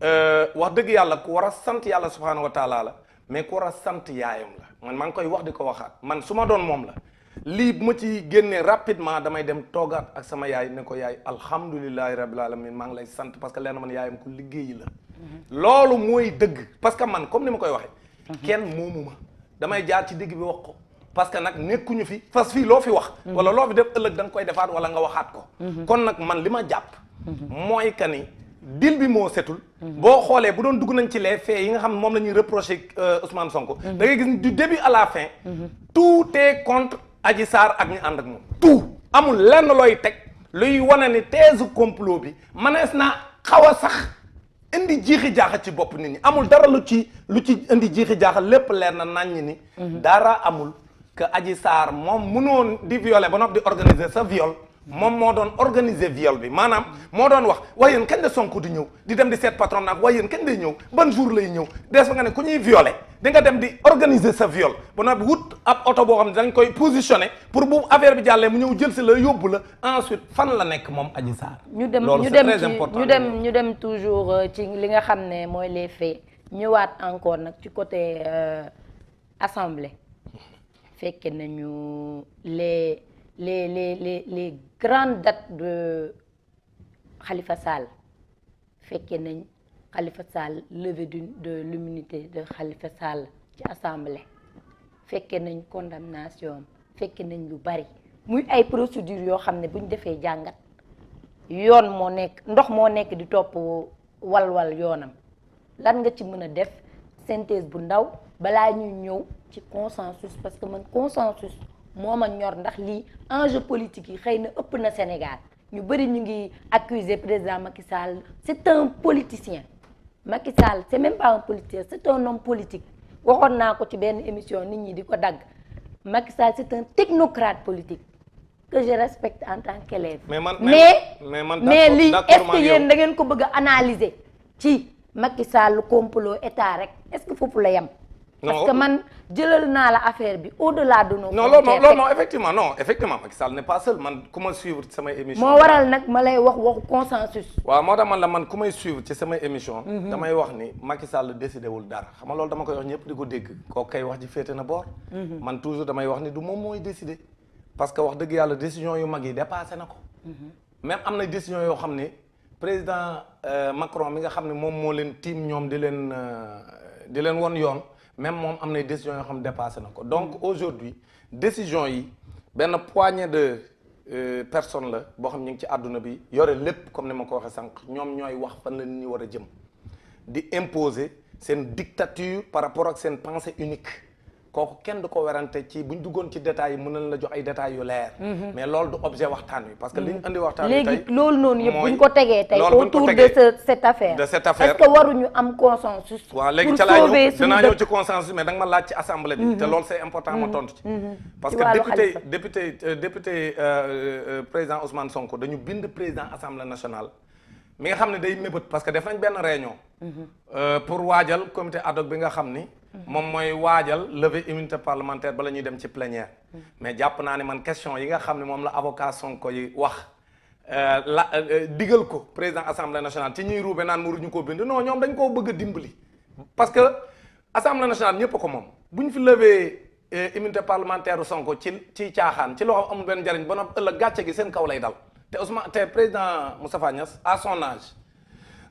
euh, wax dëgg yàlla ku war a sant yàlla subhaanahu wa la mais ku war a sant yaayam la man maa ngi koy wax di ko waxaat man su ma doon moom la lii bu ma ci génnee rapidement damay dem toogaat ak sama yaay ne ko yaay alhamdulilahi rabbil alamin maa ngi lay sant parce que leer na man yaayam ku liggéeyi la mm-hmm. loolu mooy dëgg parce que man comme ni ma koy waxee kenn moomuma damay jaar ci digg bi wax ko parce que nag nekkuñu fi fas fii loo fi wax wala loo fi def ëllëg danga koy defaat wala nga waxaat ko kon nag man li ma jàpp mooy que ni dil bi moo setul boo xoolee bu doon dugg nañ ci les faits yi nga xam ne moom la ñuy reproché euh, Ousmane Sonko mhm. da ngay gis du début à la fin mhm. tout est contre aji Sarr ak ñu ànd ak moom tout amul lenn looy teg luy wane ni teesu complot bi mënees naa xaw a sax indi jiixi jaaxa ci bopp nit amul dara lu ci lu ci indi jiixi jaaxa lépp leer na naññ ni. Mhm. dara amul que Adji Sarr moom mënoon di violer ba noppi di organiser sa viol. moom moo doon organiser viol bi maanaam moo doon wax waaye yéen kañ la Sonko di ñëw di dem di seet patron nag waaye yéen kañ lay ñëw ban jour lay ñëw des fa nga ne ku ñuy violé di nga dem di organiser sa viol ba noppi wut ab oto boo xam ne dañ koy positionné pour bu affaire bi jàllee mu ñëw jël si la yóbbu la ensuite fan la nekk moom Adji Sarr. ñu dem ñu dem ñu dem ñu dem toujours euh, ci li nga xam ne mooy les faits ñëwaat encore nag ci côté euh, assemblée fekke na ñu les les les grande date de Khalifa Sall fekkee nañ Khalifa Sall levée de l'immunité de Khalifa Sall ci assemblée fekkee nañ condamnation fekkee nañ lu bari muy ay procédure yoo xam ne bu ñu defee jàngat yoon moo nekk ndox moo nekk di topp walwal yoonam lan nga ci mën a def synthèse bu ndaw balaa ñuy ñëw ci consensus parce que man consensus moom ma ñor ndax lii enjeu politiques yi xëy na ëpp na Sénégal ñu bëri ñu ngi accuser président Macky Sall c'est un politicien Macky Sall c'est même pas un politicien c'est un homme politique waxoon naa ko ci benn émission nit ñi di ko dagg Macky Sall c'est un technocrate politique que je respecte en tant qu'élève mais man mais man mais lii est-ce que ngeen ko bëgg a analyser ci Macky Sall complot état rek est-ce que foofu la yem parce que man jëlal naa la affaire bi au delà de nos non loolu loolu non effectivement non effectivement Macky Sall n'est pas seul man ku ma suivre ci samay émission moo waral nag ma lay wax waxu consensus waaw moo tax man la man ku may suivre ci samay émission mhm. damay wax ni Macky Sall décidé wul dara xam nga loolu dama ko wax ñëpp di ko dégg kooku kay wax ji féete na boor mhm. man toujours damay wax ni du moom mooy décidé parce que wax dëgg yàlla décision yu mag yi dépassé na ko mhm. même am na décision yoo xam ne président euh, Macron mi nga xam ne moom moo leen tiim ñoom di leen euh, di leen won yoon même moom am na décision yoo xam dépassé na ko donc aujourd'hui décision yi benn poignée de euh, personne la boo xam ñu ngi ci àdduna bi yore lépp comme ni ma ko waxee sànq ñoom ñooy wax fan la nit ñi war a jëm di imposer seen dictature par rapport ak seen pensée unique kooku kenn du ko werante ci buñ duggoon ci détails yi mën nañ la jox ay détails yu leer mhm. mais loolu du objet waxtaan wi parce que li ñu mhm. andi waxtaan wi léegi loolu noonu yëpp buñ ko tegee tey autour de cette affaire de cette waruñu am consensus waaw léegi ca laa ñëw dinaa ñëw ci mais da ma laaj ci assemblée bi mhm. te loolu c'est important ma tontu ci parce que député député euh, député euh, euh, président Ousmane Sonko dañu bind président assemblée nationale mi nga xam ne day mébët parce que def nañ benn réunion pour waajal comité ad hoc bi nga xam ni moom mooy waajal lever immunité parlementaire bala ñuy dem ci plénière. mais jàpp naa ne man question yi nga xam ne moom la avocat Sonko yi wax euh, la euh, euh, digal ko président assemblée nationale ci ñuy ruube naan mu ñu ko bind non ñoom dañ koo bëgg dimbali. parce que assemblée nationale ñëpp ko moom bu ñu fi lever immunité parlementaire Sonko ci ci caaxaan ci loxo amul benn njariñ ba noppi ëllëg gàcce gi seen kaw lay dal te Ousmane te président Moustapha Niass à son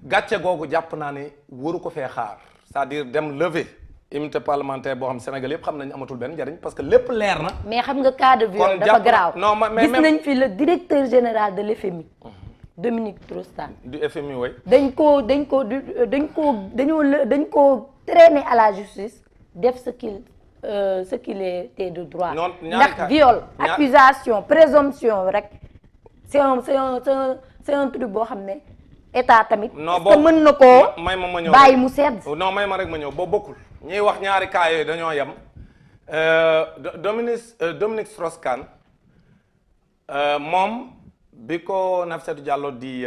gàcce googu jàpp naa ne waru ko fee xaar cest à dem lever. immunité parlementaire boo xam Sénégal yëpp xam nañu amatul benn njariñ parce que lépp leer na. mais xam nga cas de viol dafa grave gis nañ fi le directeur général de l' FMI. Mhm. Dominique Trostan. du FMI way dañ koo dañ koo euh, dañ koo dañoo dañ koo traîner à la justice def ce qu'il euh, ce qu'il était de droit. ndax viol accusation présomption rek c' est un c' est un c' est un truc boo xam ne. état tamit. non boo mën na koo. may ma ma ñëw bàyyi mu sedd. non may ma rek ma ñëw boo bokkul. ñuy wax ñaari cas yooyu dañoo yem euh, Dominique Dominique euh, Strauss-Kahn euh, moom bi ko Nafissatou Diallo di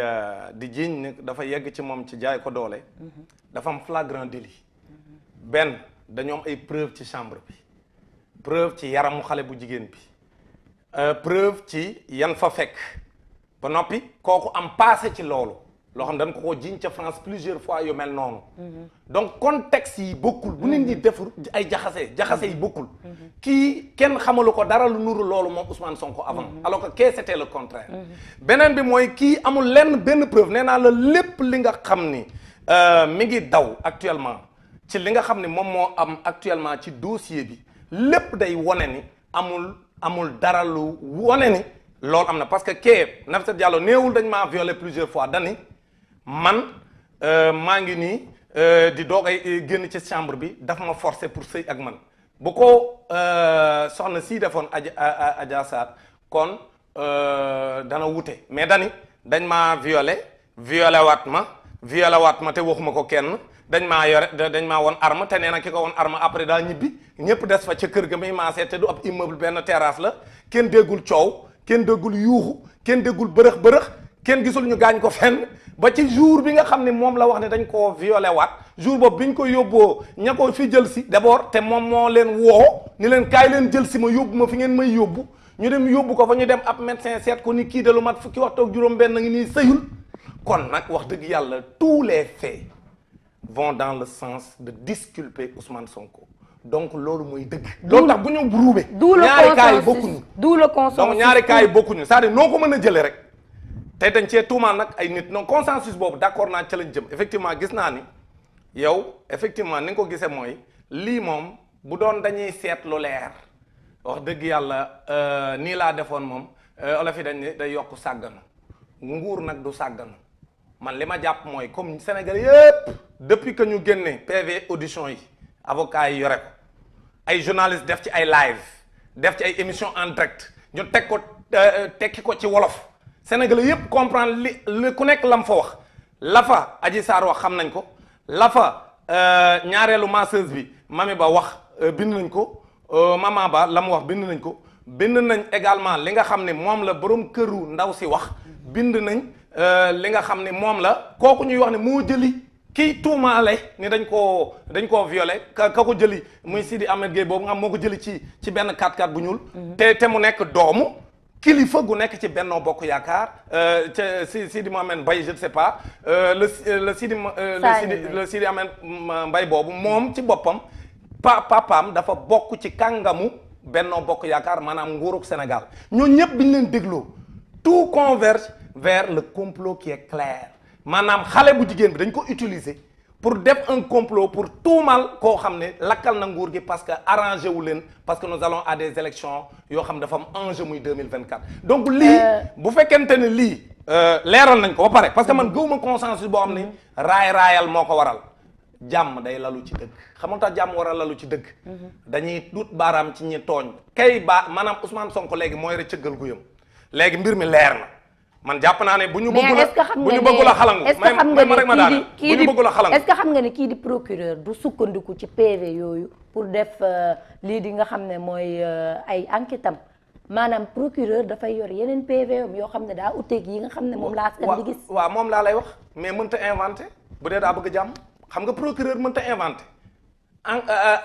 di jiiñ ne dafa yegg ci moom ci jaay ko doole mm-hmm. dafa am flagrant mm-hmm. benn dañoo ay preuve ci chambre bi preuve ci yaramu xale bu jigéen bi preuve ci yan fa fekk ba noppi kooku am passé ci loolu loo xam dañ ko koo jiñ ca France plusieurs fois yu mel noonu mhm. donc contexte yi bokkul bu nit ñi mhm. def ay jaxase jaxase yi mhm. bokkul kii kenn xamalu ko dara lu nuru loolu moom Ousmane Sonko avant alors que kee c'était le contraire beneen bi mooy kii amul lenn benn preuve nee naa la lépp li nga xam ni euh, mi ngi daw actuellement ci li nga xam ni moom moo am actuellement ci dossier bi lépp day wone ni amul amul dara lu wone ni lool am na parce que kee Nafissatou Diallo néewul dañ maa violé plusieurs fois dani man euh, maa ngi nii euh, di doog ay euh, génn ci chambre bi daf ma forcer pour sëy ak man bu ko soxna sii defoon aja Adja Sarr kon dana wute mais dani dañ maa violé violé waat ma violé waat ma te waxuma ko kenn dañ maa yore dañ maa woon arme te nee na ki ko woon arme après daa ñibbi ñëpp des fa ca kër ga muy maasee te du ab immeuble benn terrasse la kenn déggul coow kenn déggul yuuxu kenn déggul bërëx bërëx kenn gisul ñu gaañ ko fenn ba ci jour bi nga xam ne moom la wax ne dañ koo violé waat jour boobu bi ñu ko yóbboo ña ko fi jël si d'abord te moom moo leen woo ni leen kaay leen jël si ma yóbbu ma fi ngeen may yóbbu ñu dem yóbbu ko fa ñu dem ab médecin seet ko ni kii de lu mat fukki waxtu ak juróom-benn ngi ni sëyul kon nag wax dëgg yàlla tous les faits vont dans le sens de disculper Ousmane Sonko donc loolu mooy dëgg. loolu tax bu ñu ruubee. ñaari kaay bokkuñu. d'où le consensus donc ñaari kaay bokkuñu c'est-à-dire noo ko mën a jëlee rek. tey dañ cee tuumaan nag ay nit non consensus boobu d'accord naa ca lañ jëm effectivement gis naa ni yow effectivement ni nga ko gisee mooy lii moom bu doon dañuy seet lu leer wax dëgg yàlla euh, nii laa defoon moom euh, olof yi dañ day yokk sàgganu nguur nag du sàgganu man li ma jàpp mooy comme Sénégal yépp depuis que ñu génnee PV audition yi avocats yi yore ay journalistes def ci ay live def ci ay émissions en direct ñu teg ko euh, tekki ko ci wolof sénégalais yépp comprendre li li ku nekk lam fa wax lafa aji Adji wax xam nañ ko lafa fa euh, ñaareelu masseuse bi mami ba wax euh, bind nañ ko euh, mama ba la mu wax bind nañ ko bind nañ également li nga xam ne moom la borom këru ndaw si wax bind nañ li nga xam ne moom la kooku ñuy wax ne moo jëli kiy tuumaale ni dañ koo dañ koo violé ka ko jëli muy Sidi Ahmed Gueye boobu nga xam moo ko jëli ci ci benn 4 x bu ñuul mm-hmm. te te mu nekk doomu kilifa gu nekk ci Benno Bokk Yaakaar ca euh, Sidi Mohamed Mbaye je ne sais pas euh, le le Sidi euh, le Sidi Mohamed Mbaye boobu moom ci boppam pa papaam dafa bokk ci kàngamu Benno Bokk Yaakaar maanaam nguurug Sénégal ñoo ñëpp bi ñu leen dégloo tout converge vers le complot qui est clair maanaam xale bu jigéen bi dañ ko utiliser pour def un complot pour tuumal koo xam ne lakkal na nguur gi parce que arrangé wu leen parce que nous allons à des élections yoo xam dafa am enjeu muy 2024 donc lii euh. bu fekkente ne lii euh, leeral nañ ko ba pare parce que man gëwuma consensus boo xam ne mhm. raay raayal moo ko waral jàmm day lalu ci dëgg xam nga tax jàmm waral a lalu ci dëgg mhm. dañuy dut baaraam ci ñi tooñ kay ba maanaam Ousmane Sonko léegi mooy rek cëggal guyam léegi mbir mi leer na man jàpp naa ne bu ñu bëgg la bu ñu bëgg la xalangu est-ce que xam nga ne kii di est-ce que xam ne kii di procureur du sukkandiku ci PV yooyu pour def euh, lii di nga xam ne mooy euh, ay enquête am maanaam procureur dafay yor yeneen PV am yoo xam ne daa uteeg ki nga xam ne moom laa askan di gis waaw moom laa lay wax mais mënta inventé bu dee daa bëgg jàmm xam nga procureur mënta inventé en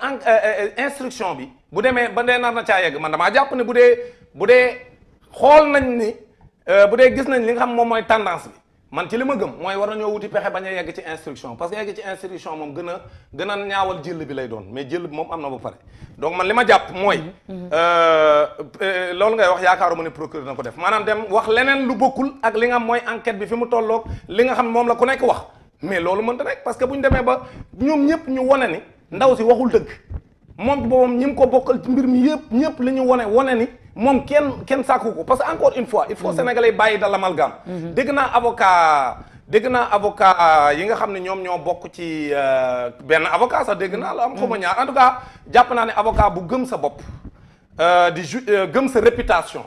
euh, instruction bi bu demee ba dee nar na caa yegg man damaa jàpp ne bu dee bu dee xool nañ ni Euh, bu dee gis nañ li nga xam moom mooy tendance bi man ci li ma gëm mooy war nañoo wuti pexe ba a yegg ci instruction parce que yegg ci instruction moom gën a gën a ñaawal jël bi lay doon mais jël bi moom am na ba pare donc man li ma jàpp mooy mhm, mhm. Euh, euh, loolu ngay wax yaakaaruma ne procureur na ko def maanaam dem wax leneen lu bokkul ak li nga xam mooy enquête bi fi mu tolloog li nga xam moom la ku nekk wax mais loolu mënta nekk parce que bu ñu demee ba ñoom ñëpp ñu wane ni ndaw si dëgg moom boobam ñi mu ko bokkal ci mbir mi yëpp ñëpp li ñu wane wane ni moom kenn kenn sàkku ko parce que encore une fois il faut mm-hmm. sénégalais bàyyi da l'amalgame mm-hmm. dégg naa avocat dégg naa avocat euh, yi nga xam ne ñoom ñoo bokk ci euh, benn avocat sa dégg naa la am ma mm-hmm. ñaar en jàpp naa ne avocat bu gëm sa bopp euh, di ju gëm sa réputation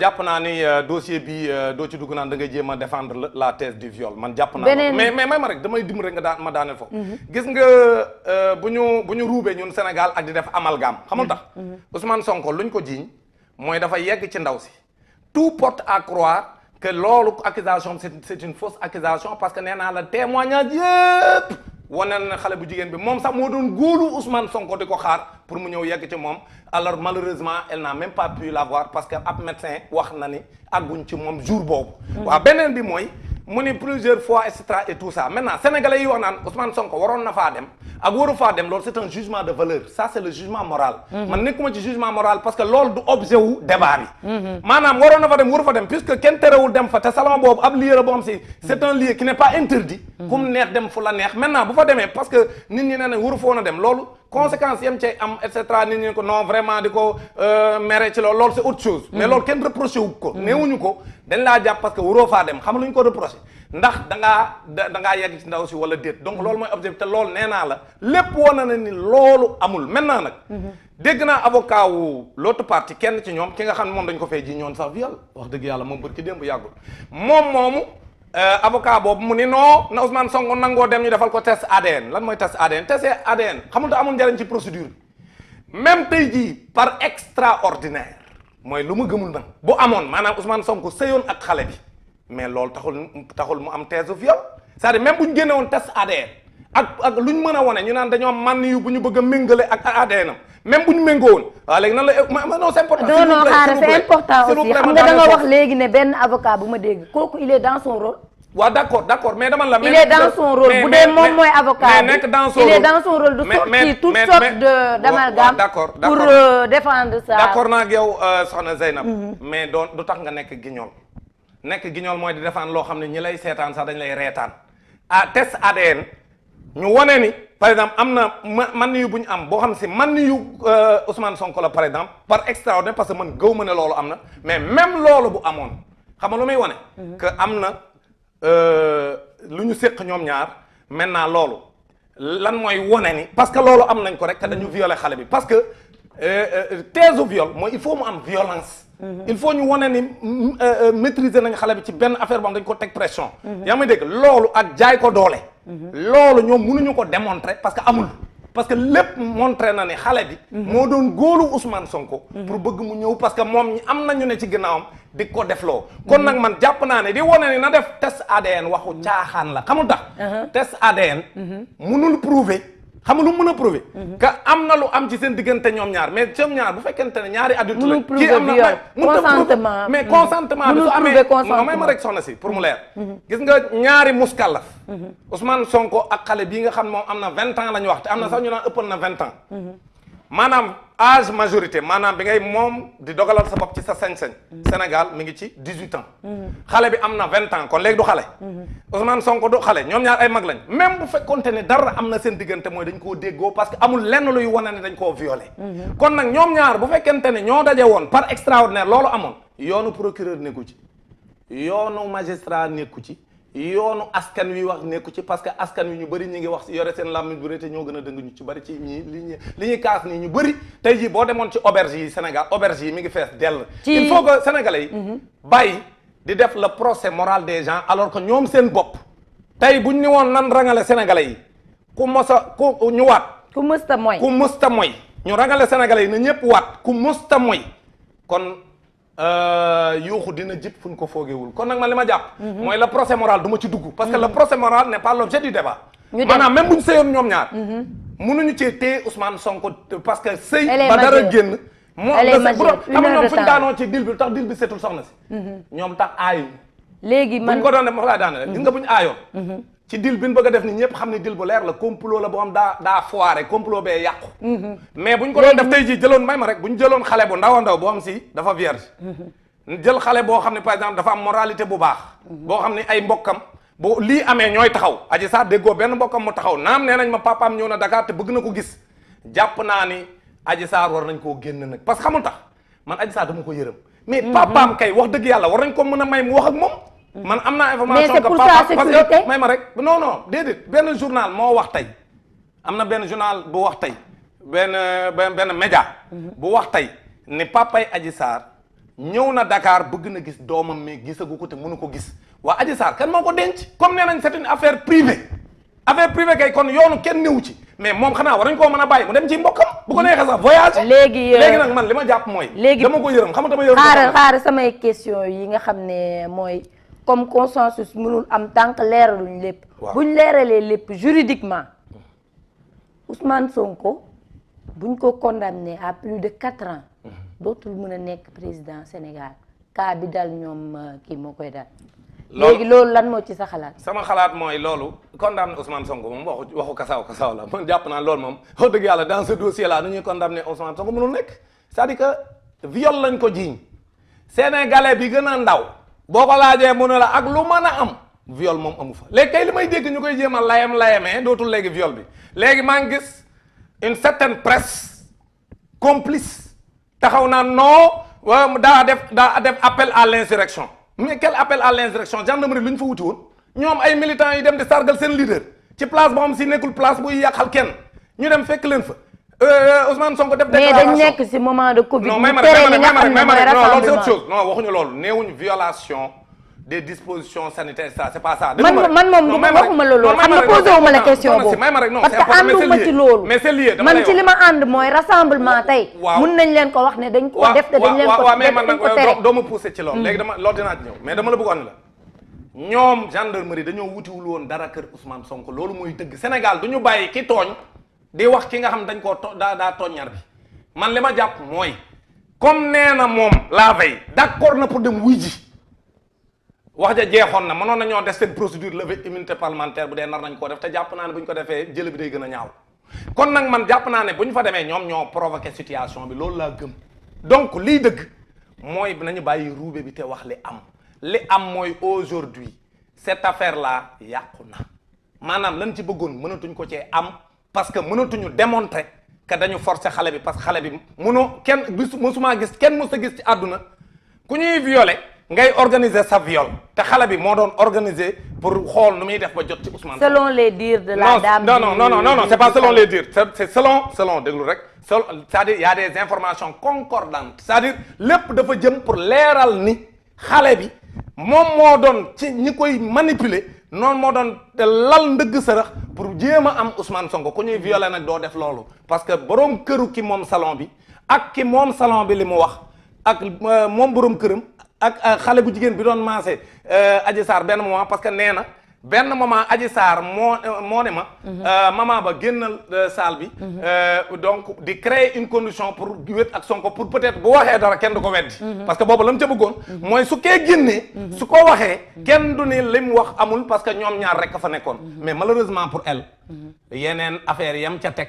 jàpp naa ni dossier bi doo ci dugg naan da ngay jéem a défendre la thèse du viol man jàpp naa mais mais may rek damay dimbali rek nga daan ma daaneel foofu gis nga bu ñu bu ñu ruubee ñun Sénégal ak di def amalgam xamul tax Ousmane Sonko luñ ko jiiñ mooy dafa yegg ci ndaw si tout porte à croire que loolu accusation c'est c'est une fausse accusation parce que nee naa la témoignage yëpp wane na xale bu jigéen bi moom sax moo doon góolu Ousmane Sonko di ko xaar pour mu ñëw yegg ci moom alors malheureusement elle n'a même pas pu l'avoir parce que ab médecin wax na ni guñ ci moom jour boobu. Mm-hmm. waaw beneen bi mooy. mu ni plusieurs fois et cetera et tout ça maintenant sénégalais yi wax naan Ousmane waroon na faa dem ak waru faa dem loolu c'est un jugement de valeur ça c'est le jugement moral. Mhm. man nekkuma ci jugement moral parce que loolu du objet wu débat bi. Mhm. maanaam waroon na fa dem waru fa dem puisque kenn terewul dem fa te salon boobu ab lieu la boo xam si. c'est un lieu qui n'est pas interdit. Mhm. ku mu dem fu la neex bu fa demee parce que nit ñi ne ne waru foon a dem lool conséquences yam et cetera nit ñi ko non vraiment di ko euh, mere ci loolu loolu wu ko. néewuñu ko dañ laa jàpp parce que waroo faa dem xam lu ñu ko reproché ndax da ngaa da ngaa yegg ci ndaw si wala déet donc loolu mooy object te loolu nee naa la lépp wane na ni loolu amul maintenant nag. Mhm. dégg naa avocat wu l'autre partie kenn ci ñoom ki nga xam ne moom dañ ko fay ji ñoon sax viol wax dëgg yàlla moom bër ci démb yàggul moom moomu. Euh, avocat boobu mu ni noo na Ousmane Sonko nangoo dem ñu defal ko test ADN lan mooy test ADN test ADN xamul te amul njariñ ci proce bi même tey jii par extraordinaire mooy lu ma gëmul man boo amoon maanaam Ousmane Sonko sëyoon ak xale bi mais loolu taxul taxul mu am thèse viol c'est-à-dire même bu woon test ADN ak lu ñu mën a wane ñu naan dañoo am man yu bu ñu bëgg a méngale ak ADN am même bu ñu méngoo woon waaw léegi nan la ma léegi ne benn avocat bu ma dégg kooku il est dans waaw d' accord d' mais dama la. mais il est dans son rôle bu dee moom mooy avocat bi il est dans son rôle de sortir toutes sortes de d' amalgame pour euh, défendre naa ak yow euh, soxna mhm. mais doon du tax nga nekk guignol. nekk guignol mooy di defaan loo xam ne ñi lay seetaan sax dañ lay reetaan ah test ADN ñu wane ni par exemple am na man yu bu ñu am boo xam si man yu euh, Ousmane Sonko la par exemple par extraordinaire parce que man gëw ma ne loolu am na mais même loolu bu amoon xam nga lu may wane. Mhm. am na. Euh, lu ñu séq ñoom ñaar maintenant loolu lan mooy wone ni parce que loolu am nañ ko rek te dañu violé xale bi parce que euh, euh, thèse u viol mooy il faut mu am violence mhm. il faut ñu wone ni maîtriser nañ xale bi ci benn affaire boo xam dañ ko teg pression mhm. yaa may dégg loolu ak jaay ko doole mhm. loolu ñoom mënuñu ko démontrer parce que amul parce que lépp montré na ne xale bi moo doon góolu Ousmane Sonko pour bëgg mu ñëw parce que moom ñi am nañu ne ci am di ko loo kon nag man jàpp naa ne di wane na def test ADN waxu caaxaan la xamul tax uh-huh. test ADN uh-huh. munul prouver xam lu mën a prouver uh-huh. que am na lu am ci seen diggante ñoom ñaar mais ñoom ñaar bu fekkente ne ñaari adulte la kii am na consentement mais consentement bi su amee may ma pour mu leer gis nga ñaari muskallaf Ousmane Sonko ak xale bii nga xam moom am na vingt ans la ñu wax te am na sax ñu naan ëppal na vingt ans maanaam âge majorité maanaam bi ngay moom di dogalal sa bopp ci sa sañ-sañ. Sénégal mi ngi ci dix huit ans. xale bi am na vingt ans kon léegi du xale. Ousmane Sonko du xale ñoom ñaar ay mag lañ même bu fekkonte ne dara am na seen mooy dañ koo déggoo parce que amul lenn luy wane ne dañ koo violé. kon nag ñoom ñaar bu fekkente ne ñoo daje woon par extraordinaire loolu amoon yoonu procureur nekku ci yoonu magistrat nekku ci. yoonu askan wi wax nekku ci parce que askan wi ñu bëri ñu ngi wax yore seen làmmiñ bu rëy ñoo gën a dëng ñu ci bëri ci ñi li ñu ñuy kaas nii ñu bari tey jii boo demoon ci auberge yi Sénégal auberge yi mi ngi fees dell il faut que sénégalais mhm. bàyyi di def la procès morale des gens alors que ñoom seen bopp tey buñ ni woon nan rangale sénégalais yi ku mos a ku ñu waat ku mësta moy ku mësta moy ñu rangale sénégalais yi na ñëpp waat ku mësta moy kon Euh, yuuxu dina jib fu ko foogewul kon nag man li ma jàpp. Mhm. mooy le procès moral du ci dugg. parce que le mhm. procès moral n'est pas l'objet du débat. maanaam même bu ñu sëyoon ñoom ñaar. Mhm. mënuñu cee téye Ousmane Sonko parce que. sëy ba dara génn. elle est majeure une heure de moom fu ñu daanoo ci dil bi tax dil bi setul soxna si. ñoom tax aayuñu. léegi man bu ñu ko doon def fa laa daanee rek gis nga bu aayoon. ci dil bin ñu bëgg def ni ñëpp xam ne dil bu leer la complot la boo xam daa daa foiré complot bee yàqu. Mm-hmm. mais bu ñu ko doon def tey jii jëloon may ma rek bu ñu jëloon xale bu ndaw a ndaw boo xam si dafa vierge. Mm-hmm. jël xale boo xam ne par exemple dafa am moralité bu baax. Mm-hmm. boo xam ne ay mbokkam boo lii amee ñooy taxaw aji sax déggoo benn mbokkam mu taxaw naam nee nañ ma papaam ñëw na Dakar te bëgg na ko gis jàpp naa ni aji saar war nañ koo génn nag parce que xamul tax man aji saar dama ko yërëm. mais papaam kay wax dëgg yàlla war nañ ko mën a may mu ak moom Mm. man am naa information. mais c'est pour sa sécurité may ma rek non non déedéet benn journal moo wax tey am na benn journal bu wax tey benn benn benn média. Mm-hmm. bu wax tey ne papay Adji Sarr ñëw na Dakar bugg na gis doomam mais gisagu ko te mënu ko gis waa Adji Sarr kan moo ko denc. comme nee nañ c'est une affaire privée affaire privée kay kon yoonu kenn newu ci. mais moom xanaa war nañ koo mën a bàyyi mu dem ci mbokkam bu ko neexee sax voyage léegi euh, léegi nag man li ma jàpp mooy léegi dama ko yërëm xam nga dama yërëm xaaral xaaral question yi nga xam ne mooy comme consensus mënul am tànk leeraluñ lépp buñ leeralee lépp juridiquement Ousmane Sonko buñ ko condamné à plus de quatre ans mhm. dootul mën a nekk président Sénégal cas bi dal ñoom euh, kii moo koy dal léegi loolu lan moo ci sa xalaat sama xalaat mooy loolu condamné Ousmane Sonko moom waxu waxu kasaaw kasaaw la man jàpp naa loolu moom wax dëgg yàlla dans ce dossier là nu ñuy condamné Ousmane Sonko mënul nekk c'est-à-dire que viol lañ ko jiiñ sénégalais bi gën a ndaw boo ko laajee mu ne la ak lu man a am viol moom amu fa léegi kay li may dégg ñu koy jéem a layam layamee dootul léegi viol bi léegi maa ngi gis une certaine presse complice taxaw naa non daa def daa def appel à l'insurrection mais quel appel à l'insurrection gendarmerie lu ñu fa wuti woon ñoom ay militants yi dem di sargal seen leader ci place boo xam si nekkul place buy yàqal kenn ñu dem fekk leen fa. Euh, euh, Ousmane Sonko def déclaration mais dañ nekk si moment de Covid. non may ma ne may ma ne non loolu c'est autre chose non waxuñu loolu néewuñu violation. des man man moom du ma waxuma la loolu xam nga posé wu la question boobu parce que ànduma ci loolu. mais ci li ma ànd mooy rassemblement tey. mun nañ leen ko wax ne dañ ko def dañ leen ko def dañ ci loolu. Mm. léegi dama loolu ñëw mais dama la bëggoon la. ñoom gendarmerie dañoo wutiwul woon dara kër Ousmane Sonko loolu mooy dëgg Sénégal du ñu bàyyi ki tooñ di wax ki nga xam dañ koo to daa daa tooññar bi man li ma jàpp mooy comme nee na moom la veille d'accord na pour dem wuy ji wax ja jeexoon na mënoon nañoo def seen procédure levée immunité parlementaire bu dee nar nañ koo def te jàpp naa ne bu ko defee jël bi day gën a ñaaw kon nag man jàpp naa ne bu ñu fa demee ñoom ñoo provoqué situation bi loolu laa gëm donc lii dëgg mooy nañu bàyyi ruube bi te wax li am li am mooy aujourd'hui cette affaire laa yàqu na maanaam lan ci bëggoon mënatuñ ko cee am parce que mënatuñu démontrer que dañu forcer xale bi parce que xale bi munoo kenn gis mësuma gis kenn mu sa gis ci àdduna ku ñuy violer ngay organiser sa viol te xale bi moo doon organiser pour xool nu muy def ba jot ci Ousmane. selon les dires de la dame. non non non non non c'est pas selon les dires selon selon rek c'est-à-dire y a des informations lépp dafa jëm pour leeral ni xale bi moom moo doon ci ñi koy manipuler noonu moo doon lal ndëgg sërëx pour jéem a am Ousmane songo ku ñuy violé nag doo def loolu parce que borom këru ki moom salon bi ak ki moom salon bi li mu wax ak euh, moom borom këram ak euh, xale bu jigéen bi doon maase euh, Adji Sarr benn moment parce que nee na benn maman Adji Sarr moo moo ne ma. Mhm. Euh, maman ba génnal euh, salle bi. Mhm. Euh, donc di créer une condition pour wét ak Sonko pour peut-être bu waxee dara kenn du ko weddi. Mhm. parce que boobu la mu ca bëggoon. mooy su kee génnee. su ko waxee kenn du ni li mu wax amul parce que ñoom ñaar rek a fa nekkoon. mais malheureusement pour el yeneen affaire yam ca teg.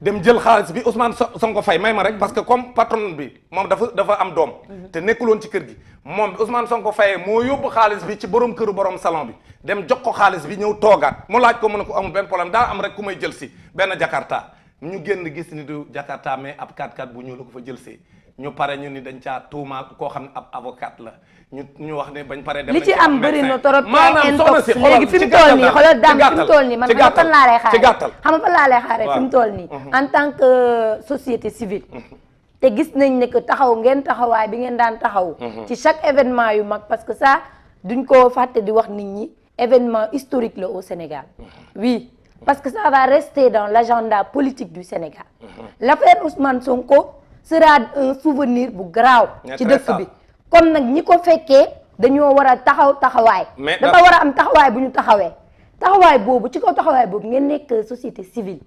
dem jël xaalis bi Ousmane Sonko fay may ma rek parce que comme patron bi moom dafa dafa am doom. Mhm. te nekkuloon ci kër gi moom bi Ousmane Sonko fayee moo yóbbu xaalis bi ci borom këru borom salon bi dem jox ko xaalis bi ñëw toogaat mu laaj ko mu ne ko amul benn problème daa am rek ku may jël si benn jakarta ñu génn gis ni du jakarta mais ab 4 x bu ñëw la ko fa jël see ñu pare ñu ni dañ caa tuumaal koo xam ne ab avocat la. ñu ñu wax ne bañ pare li ci am bëri na trop maanaam soxna si léegi fi nii xoolal daam fi mu nii man xam nga fan laa lay xaare ci gàttal nii mhm. en tant que euh, société civile mhm. te gis nañ ne que taxaw ngeen taxawaay bi ngeen daan taxaw mhm. ci chaque événement yu mag parce que ça duñ ko fàtte di wax nit ñi événement historique la au Sénégal oui parce que sa va rester dans l'agenda politique du Sénégal l'affaire Ousmane Sonko sera un souvenir bu garaaw ci dëkk bi kon nag ñi ko fekkee dañoo war a taxaw taxawaay. dafa war a am taxawaay bu ñu taxawee. taxawaay boobu ci kaw taxawaay boobu ngeen nekk société civile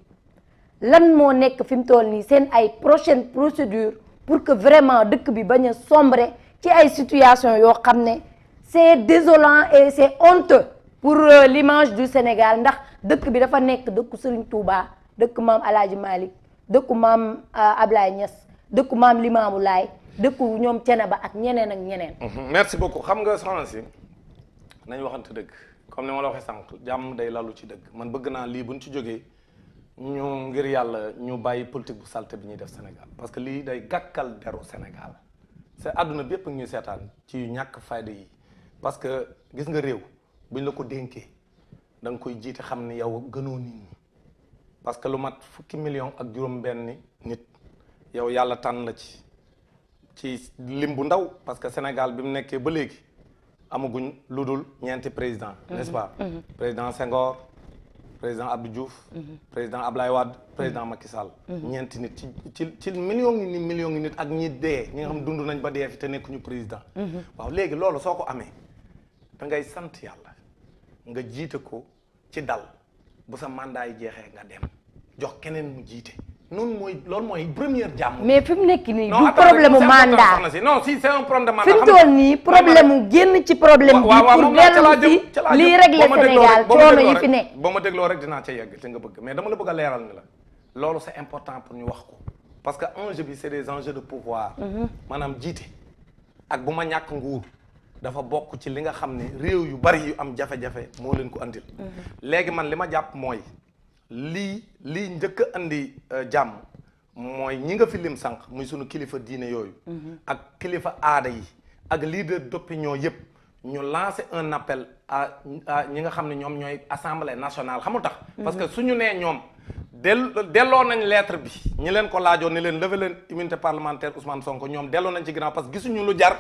lan moo nekk fi mu toll nii seen ay prochaine procédure pour que vraiment dëkk bi bañ a sombre ci ay situation yoo xam ne c'est désolant et c'est honteux pour euh, limange du Sénégal ndax dëkk bi dafa nekk dëkku Serigne Touba dëkku maam El Hadj dëkku maam euh, Ablaye Niass dëkku maam Limamou Laye dëkku ñoom cene ba ak ñeneen ak ñeneen. Mhm. merci beaucoup xam nga soxna si nañ waxante dëgg comme ni ma la waxee sànq jàmm day lalu ci dëgg man bëgg naa lii bu ñu ci jógee ñu ngir yàlla ñu bàyyi politique bu salte bi ñuy def Sénégal parce que lii day gàkkal deru senegal c'est àdduna bépp ñuy seetaan ci ñàkk fayda yi parce que gis nga réew buñ la ko dénkee da nga koy jiite xam ne yow gënoo nit ñi parce que lu mat fukki million ak juróom benn nit yow yàlla tànn la ci ci lim bu ndaw parce que Sénégal bi mu nekkee ba léegi amaguñ lu dul ñeenti président mhm. n'est-ce pas mhm. président Senghor président Abdou Diouf mhm. président Ablaye Wade président Macky Sall ñeenti nit ci ci ci millions yi ni nit ak ñi dee ñi nga xam dund nañ ba dee fi te ñu président waaw léegi loolu soo ko amee da sant yàlla nga jiite ko ci dal bu sa mandat yi jeexee nga dem jox keneen mu jiite noonu mooy loolu mooy première jàmm. mais fi mu nekk nii du problème mu mandat non si c'est un problème nii problème génn ci problème. waaw waaw Sénégal coono yi fi nekk. ba ma dégloo rek dinaa ca yegg te nga bëgg mais dama la bëgg a leeral ni la loolu c'est important pour ñu wax ko parce que enjeu bi c'est des enjeux de pouvoir. Mhm. maanaam jiite ak bu ma ñàkk nguur. dafa bokk ci li nga xam ne réew yu bari yu am jafe-jafe moo leen ko andil. Mhm. léegi man li ma jàpp mooy. lii lii njëkk indi andi euh, jàmm mooy ñi nga fi lim sànq muy sunu kilifa diine yooyu. Mhm. ak kilifa aada yi ak leader ñoo yëpp ñu lancer un appel a ñi nga xam ne ñoom ñooy assemblée nationale xamul tax. Mhm. parce que suñu nee ñoom. del delloo nañ lettre bi ñi leen ko laajoon ni leen lever leen immunité parlementaire Ousmane Sonko ñoom delloo nañ ci ginnaaw parce que gisuñu lu jar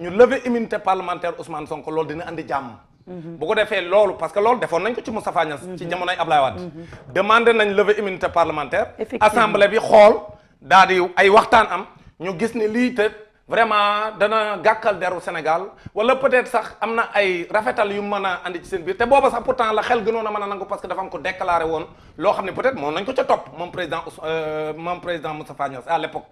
ñu lever immunité parlementaire Ousmane Sonko loolu dina indi jàmm. Mm-hmm. bu ko defee loolu parce que loolu defoon nañ ko ci Moustapha Niass ci mm-hmm. jamonoy Ablaye Wade mm-hmm. demandé nañ lever immunité parlementaire assemblée bi xool daal di ay waxtaan am ñu gis ni lii te vraiment dana gàkkal deru Sénégal wala peut-être sax am na ay rafetal yu mën a andi ci seen biir te booba sax pourtant la xel gënoon a mën a nangu parce que dafa am ko déclaré woon loo xam ne peut-être moom nañ ko ca topp moom président euh, moom président Moustapha à l'époque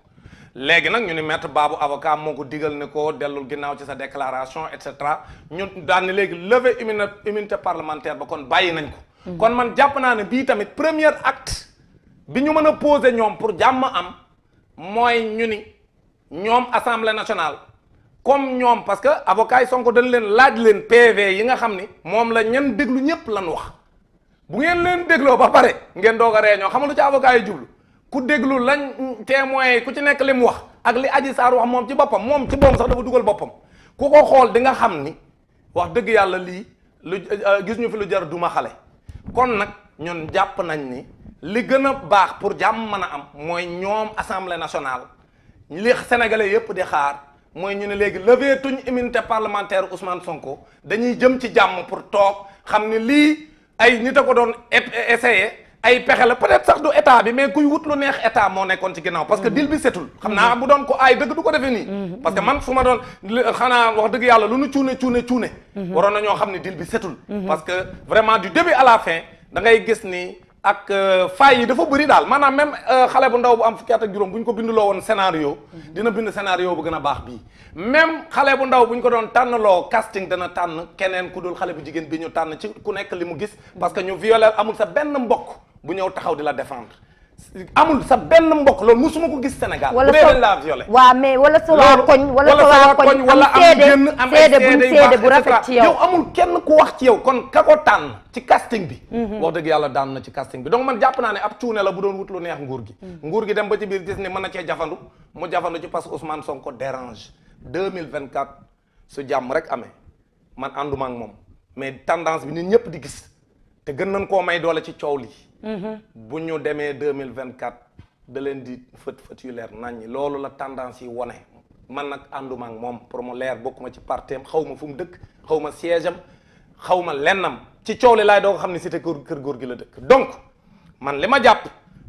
léegi nag ñu ni maître baabu avocat moo ko digal ne ko dellul ginnaaw ci sa déclaration et cetera ñu daan ne léegi levé immunité parlementaire ba kon bàyyi nañ ko. Mm-hmm. kon man jàpp naa ne bii tamit premier acte bi ñu mën a posé ñoom pour jàmm am mooy ñu ni ñoom assemblée national comme ñoom parce que avocat yi Sonko dañ leen laaj leen PV yi nga xam ni moom la ñan déglu ñëpp lan wax bu ngeen leen dégloo ba pare ngeen doog a réunion xam lu ci avocat yi jublu. ku déglu lañ témoins yi ku ci nekk li mu wax ak li Adji Sarr wax moom ci boppam moom ci boppam sax dafa dugal boppam ku ko xool di nga xam ni wax dëgg yàlla lii lu euh, gis ñu fi lu jar duma xale kon nag ñun jàpp nañ ni li gën a baax pour jàmm mën a am mooy ñoom assemblée nationale li sénégalais yépp di xaar mooy ñu ne léegi levé tuñ immunité parlementaire Ousmane Sonko dañuy jëm ci jàmm pour toog xam ne lii ay nit a ko doon essayé ay pexe la peut-être sax du état bi mais kuy wut lu neex état moo nekkoon ci ginnaaw parce que mm-hmm. dil bi setul xam mm-hmm. naa bu ko aay dëgg du ko defee nii mm-hmm. parce que man su ma doon xanaa wax dëgg yàlla lu nu cuune cuune cuune waroon na ñoo xam ne dil bi setul parce que vraiment du début à la fin da ngay gis ni ak euh, faay yi dafa bëri daal maanaam même euh, xale bu ndaw bu am fukki at juróom bu ñu ko bindloo woon scénario mhm. dina bind scénario bu gën a baax bii même xale bu ndaw bu ñu ko doon tànnloo casting dana tànn keneen ku dul xale bu jigéen bi ñu tànn ci ku nekk li mu gis parce que ñu violé amul sa benn mbokk bu ñëw taxaw di la défendre amul sa benn mbokk loolu musuma ko gis Sénégal. wala sa la violé. waaw mais wala sa waa koñ. wala sa waa koñ wala am génn am seede bu seede bu rafet ci yow. yow amul kenn ku wax ci yow kon ka ko tànn ci casting bi. Mhm. wax dëgg yàlla daan na ci casting bi donc man jàpp naa ne ab cuune la bu doon wut lu neex nguur gi. Mhm. nguur gi dem ba ci biir gis ne mën na cee jafandu mu jafandu ci parce que Ousmane Sonko dérange 2024 su jàmm rek amee man ànduma ak moom mais tendance bi nit ñëpp di gis te gën nañ koo may doole ci coow li Mm-hmm. bu ñu demee deux mille vingt quatre da leen di fët fët yu leer naññi loolu la tendance yi wone man nag ànduma ak moom pour mu leer bokkuma ci parteem xaw ma fu mu dëkk xaw ma siège am xaw ma lennam ci coow li laay doo xam ne si te kër kër góor gi la dëkk donc man li ma jàpp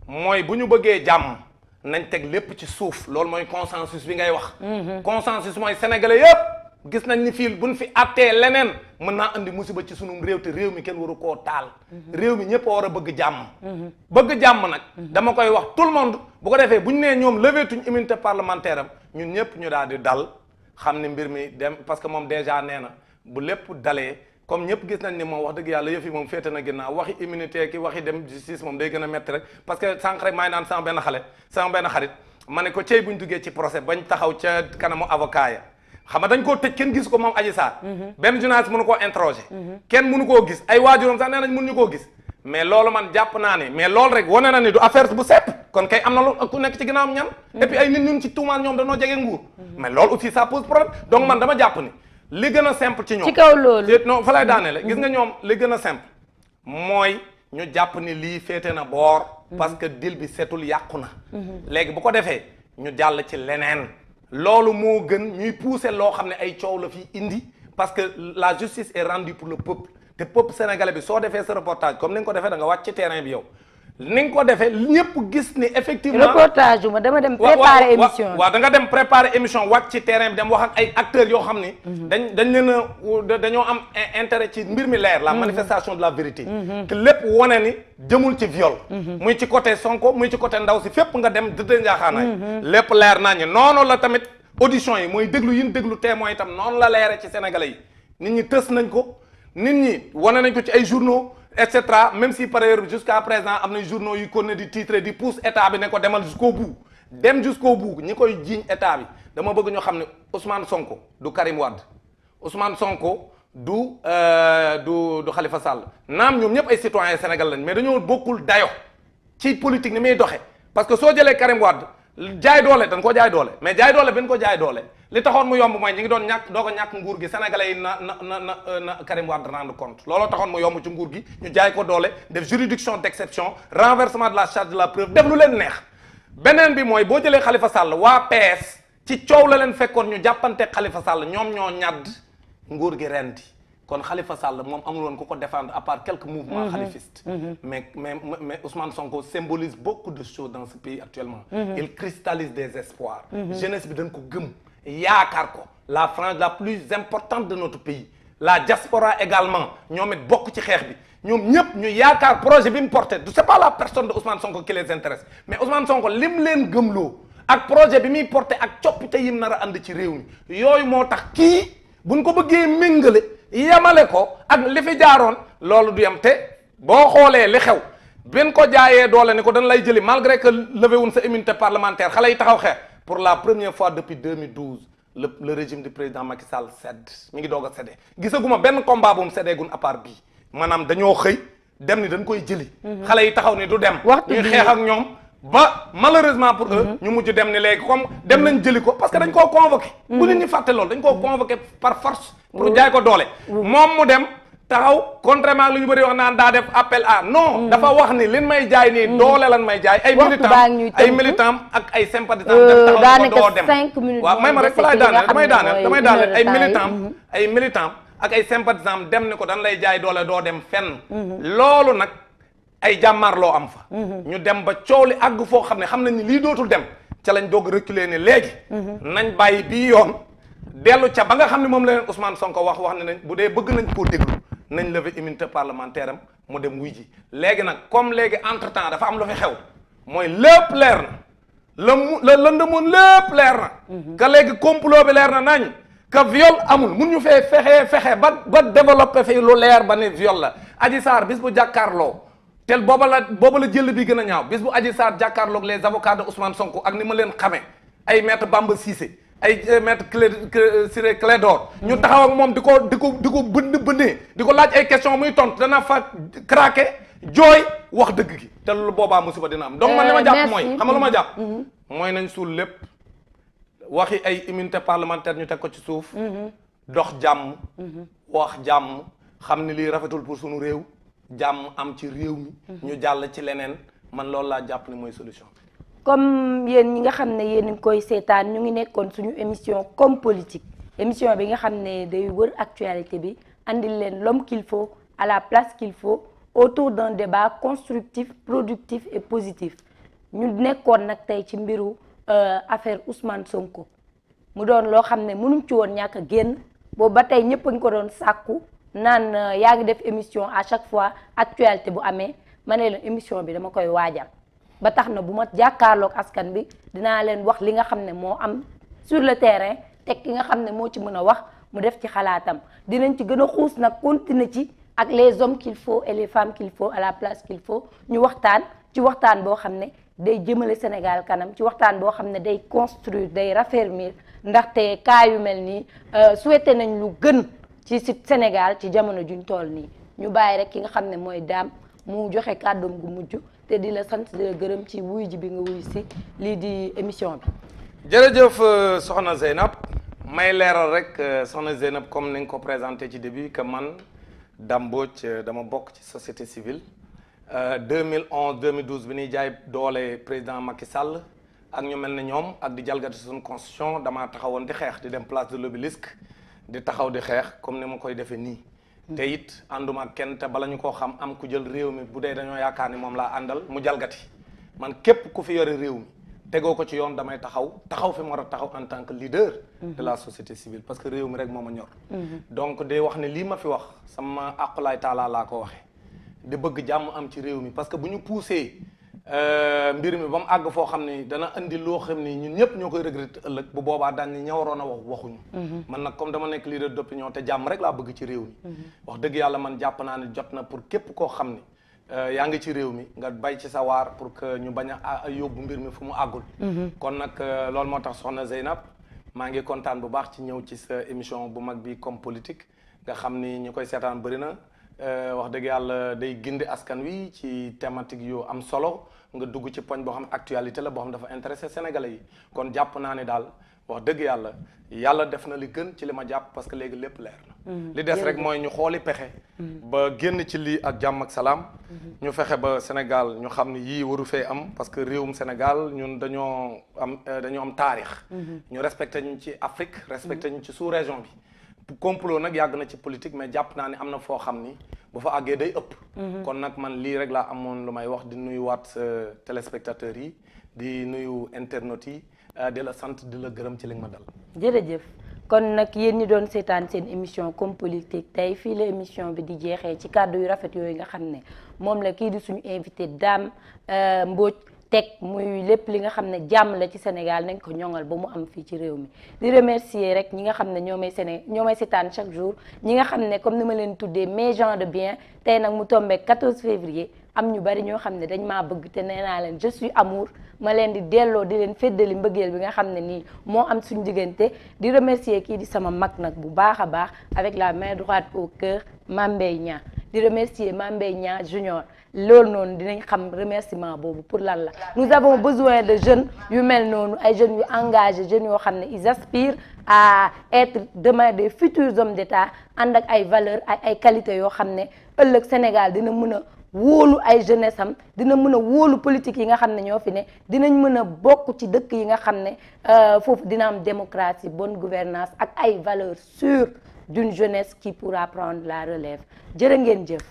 mooy bu ñu bëggee jàmm nañ teg lépp ci suuf loolu mooy consensus bi ngay wax. Mm-hmm. consensus mooy sénégalais yëpp. gis nañ ni fii buñ fi attee leneen mën naa andi musiba ci sunum réew te réew mi kenn waru koo taal mhm. réew mi ñëpp a war a bëgg jàmm mhm. bëgg jàmm nag mhm. dama koy wax tout le monde bu ko defee bu ñu nee ñoom leveetuñ immunité parlementaire am ñun ñëpp ñu daal di dal xam ni mbir mi dem parce que moom déjà nee na bu lépp dalee comme ñëpp gis nañ ni moom wax dëgg yàlla yëf yi moom féete na ginnaaw waxi immunité ki waxi dem justice moom day gën a métti rek parce que sànq maa naan sama benn xale sama benn xarit ma ne ko cey buñ duggee ci procès bañ taxaw ca kanamu avocat ya xam nga dañ koo tëj kenn gis ko moom Adji Sarr mhm. benn journaliste mënu koo interroger mhm. kenn mënu koo gis ay waajuram sax nee nañ mënuñu koo gis mais loolu man jàpp naa ne mais loolu rek wane na ni du affaire bu sepp kon kay am na lu ku nekk ci a ñan mhm. et puis ay nit ñun ci tuumaal ñoom danoo jege nguur mais loolu aussi sa pose problème donc man dama jàpp ni li gën a simple ci ñoom ci kaw loolu non fa lay daanee la gis nga ñoom li gën a simple mooy ñu jàpp ni lii féete na boor parce que dil bi setul yàqu na léegi bu ko defee ñu jàll ci leneen loolu moo gën ñuy pousser loo xam ne ay coow la fi indi parce que la justice est rendue pour le peuple te peuple sénégalais bi soo defee sa reportage comme ni nga ko defee da nga wàcc ci terrain bi yow ni nga ko defee ñëpp gis ni effectivement reportage ma dama dem préparer émission waaw da dem préparer émission wàcc ci terrain bi dem wax ak ay acteurs yoo xam ni mhm. dañ dañ leen a dañoo am intérêt ci mbir mi leer la mhm. manifestation de la vérité te mhm. lépp wane ni jëmul ci viol muy ci côté Sonko muy ci côté ndaw si fépp nga dem dëddë njaaxaanaay lépp leer naa nañu noonu la tamit audition yi mooy déglu yin ñu déglu témoin itam noon la leere ci sénégalais yi nit ñi tës nañ ko nit ñi wane nañ ko ci ay journaux et cetera même si par ailleurs jusqu'à présent am nañ journaux yu kon ne di titre di pousse état bi ne ko demal jusqu'au bout dem ko bout ñi koy jiiñ état bi dama bëgg ñoo xam ne Ousmane Sonko du Karim Wade Ousmane Sonko du euh, du du Khalifa Sall naam ñoom ñëpp ay citoyens Sénégal lañ mais dañoo bokkul dayo ci politique ni muy doxe parce que soo jëlee Karim Wade jaay doole dañ ko jaay doole mais jaay doole bi ko jaay doole li taxoon mu yomb mooy ñi ngi doon ñàkk doo ko ñàkk nguur gi sénégalais yi na na na na euh, na Karim Wade rendre compte looloo taxoon mu yomb ci nguur gi ñu jaay ko doole def juridiction d'exception renversement de la charge de la preuve def lu leen neex beneen bi mooy boo jëlee Khalifa Sall waa PS ci coow la leen fekkoon ñu jàppante Khalifa Sall ñoom ñoo ñàdd nguur gi rendi kon Khalifa Sall moom amul woon ku ko défendre a part quelques mouvements mhm. khalifistes mhm. mais mais mais Ousmane Sonko symbolise beaucoup de choses dans ce pays actuellement mhm. il cristallise ko gëm yaakaar ko la frange la plus importante de notre pays la diaspora également ñoom it bokk ci xeex bi ñoom ñëpp ñu yaakaar projet bi mu porté du c'est pas la personne de Ousmane Sonko qui les intéresse mais Ousmane Sonko lim leen gëmloo ak projet bi muy porté ak coppite yim nar a ànd ci réew mi yooyu moo tax kii buñ ko bëggee méngale yemale ko ak li fi jaaroon loolu du yam te boo xoolee li xew bin ko jaayee doole ni ko dañ lay jëli malgré que levé wuñ sa immunité parlementaire xale yi taxaw xeex pour la première fois depuis 2012 le le régime du président Macky Sall sedd mi ngi doog a sedde gisaguma benn combat bu mu seddeegul à part bii maanaam dañoo xëy dem ni dañ koy jëli. Mhm. xale yi taxaw ni du dem. ñuy xeex ak ñoom. ba malheureusement pour eux mhm. ñu mujj dem ni léegi comme dem nañ jëli ko parce que dañ koo convoqué. bu mhm. nit ñi fàtte loolu dañ koo convoqué par force. pour jaay ko doole moom mu dem. taxaw contrairement lu ñu bari wax naan daa def appel à non. Hmm. dafa wax ni lin may jaay nii hmm. doole lan may jaay. ay militant ay militant ak ay sympathisant. daanaka cinq minutes waaw may ma rek fa laay daaneel damay daaneel damay ay militant ay militant ak ay dem ni ko dan lay jaay doole doo dem fen hmm. loolu nag ay jàmmaar loo am fa. ñu dem ba coow li àgg foo xam ne xam nañ ni lii dootul dem ca lañ doog reculer ne léegi. nañ bàyyi bii yoon. dellu ca ba nga xam ne moom la leen Ousmane Sonko wax wax ne nañ bu dee bëgg nañ koo déglu. nañ lever immunité parlementaire am mu dem wuy ji léegi nag comme léegi entre dafa am lu fi xew mooy lépp leer na la mu la lëndëmoon lépp leer na. ga mhm. léegi complot bi leer na nañ. que viol amul mun ñu fee fexe fexe ba ba développé fii lu leer ba ne viol la Adji Sarr bis bu jàkkaarloo. tel booba la booba la jël bi gën a ñaaw bis bu Adji Sarr jàkkaarloog les avocats de Ousmane Sonko ak ni ma leen xamee ay maître Bamba Cissé ay eh, maître clé Ciré Clédor ñu taxaw moom di ko di ko di ko di ko laaj ay question muy tontu dana fa craqué jooy wax dëgg gi te lu boobaa musiba dina am dox man li ma euh, jàpp mooy xam nga lu ma jàpp mm-hmm. mooy nañ suul lépp waxi ay immunité parlementaire ñu teg ko ci suuf mm-hmm. dox jàmm mm-hmm. wax jàmm xam ne lii rafetul pour sunu réew jàmm am ci réew mi ñu jàll ci leneen man loolu laa jàpp ne mooy solution comme yéen ñi nga xam ne yéen ngi koy seetaan ñu ngi nekkoon suñu émission comme politique émission bi nga xam ne day wër actualité bi andil leen lom qu'il faut à la place qu'il faut autour d'un débat constructif productif et positif ñu nekkoon nag tey ci mbiru euh, affaire Ousmane Sonko mu doon loo xam ne mënuñ ci woon ñàkk a génn boobu ba tey ñëpp a ngi ko doon sàkku naan euh, yaa ngi def émission à chaque fois actualité bu amee ma ne la émission bi dama koy waajal ba tax na bu ma jàkkaarloog askan bi dinaa leen wax li nga xam ne moo am sur le terrain te ki nga xam ne moo ci mën a wax mu def ci xalaatam dinañ ci gën a xuus nag continuer ci ak les hommes qu'il faut et femmes qu'il à la place qu'il ñu waxtaan ci waxtaan boo xam ne day jëmale Sénégal kanam ci waxtaan boo xam ne day construire day raffermir ndaxte cas yu mel nii euh, souhaité nañ lu gën ci si Sénégal ci jamono juñ tool nii ñu bàyyi rek ki nga xam ne mooy daam mu joxe kàddoom gu mujj te di la sant gërëm ci wuy ji bi nga wuy si lii di émission bi. jërëjëf euh, soxna Zeynab may leeral rek euh, soxna Zeynab comme ni nga ko présenté ci début que man Dame Mbodj euh, dama bokk ci société civile 2011 2012 bi ñuy jaay doole président Macky Sall ak ñu mel ne ñoom ak di jalgati suñu constitution damaa taxawoon di xeex di dem place de l'Obélisque di taxaw di xeex comme ni ma koy defee nii. te it ànduma ak kenn te bala ñu koo xam am ku jël réew mi bu dee dañoo yaakaar ni moom laa àndal mu jalgati man képp ku fi yore réew mi tegoo ko ci yoon damay taxaw taxaw fi mu war a taxaw en tant que leader. Mhm. de la société civile parce que réew mi rek moo ma ñor. Mhm. donc day wax ne lii ma fi wax sama àqulaay taalaa laa ko waxee. di bëgg jàmm am ci réew mi parce que bu ñu poussé. Euh, mbir mi ba mu àgg foo xam ni dana indi loo xam ni ñun ñëpp ñoo koy regretté ëllëg bu boobaa daan ni ña waroon a wax waxuñu mhm. man nag comme dama nekk leader d'opinion te jàmm rek laa bëgg ci réew mi mhm. wax dëgg yàlla man jàpp naa ne jot na pour képp koo xam ni euh, yaa ngi ci réew mi nga bay ci sa waar pour que ñu bañ a yóbbu mbir mi fu mu àggul mhm. kon nag euh, loolu moo tax soxna Zeynab maa ngi kontaan bu baax ci ñëw ci sa émission bu mag bi comme politique nga xam ni ñu koy seetaan bëri na Euh, wax dëgg yàlla day gindi askan wi ci thématique yu am solo nga dugg ci poñ boo xam actualité la boo xam dafa intéressé Sénégalais yi kon jàpp naa ne daal wax dëgg yàlla yàlla def na li gën ci li ma jàpp parce que léegi lépp leer na. Mm-hmm. li des rek mooy ñu xooli pexe. Mm-hmm. ba génn ci lii ak jàmm ak salaam. Mm-hmm. ñu fexe ba Sénégal ñu xam ni yii waru fee am parce que réewum Sénégal ñun dañoo am euh, dañoo am taarix. ñu respecté ci Afrique respecté ci sous région bi. complot nag yàgg na ci politique mais jàpp naa ne am na foo xam ni bu fa àggee day ëpp. Mhm. kon nag man lii rek laa amoon lu may wax di nuyuwaat euh, téléspectateurs yi di nuyu internautes yi euh, di la sant di la gërëm ci li ma dal. jërëjëf. kon nag yéen ñi doon seetaan seen émission comme politique tey fii la émission bi di jeexee ci kàddu yu rafet yooyu nga xam ne moom la kii di suñu invité Dame euh, Mbodj teg muy lépp li nga xam ne jàmm la ci Sénégal nañ ko ñoŋal ba mu am fii ci réew mi di remercier rek ñi nga xam ne ñoo may Séné ñoo may seetaan chaque jour ñi nga xam ne comme ni ma leen tuddee mes gens de bien tey nag mu tombé 14 février am ñu bari ñoo xam ne dañ maa bëgg te nee naa leen je suis amour ma leen di delloo di leen féddali mbëggeel bi nga xam ne nii moo am suñ diggante di remercier kii di sama mag nag bu baax a baax avec la main droite au cœur Mame Mbaye Niang di remercier Mame Mbaye Niang junior loolu noonu dinañ xam remerciement boobu pour lan la nous avons besoin de jeunes yu mel noonu ay jeunes yu engagés jeunes yoo xam ne ils aspirent à être demain des futurs hommes d'État ànd ak ay valeurs ak ay qualité yoo xam ne ëllëg Sénégal dina mën a wóolu ay jeunesse am dina mën a wóolu politique yi nga xam ne ñoo fi ne dinañ mën a bokk ci dëkk yi nga xam ne euh, foofu dina am démocratie bonne gouvernance ak ay valeurs sûres d'une jeunesse qui pourra prendre la relève jërë ngeen jëf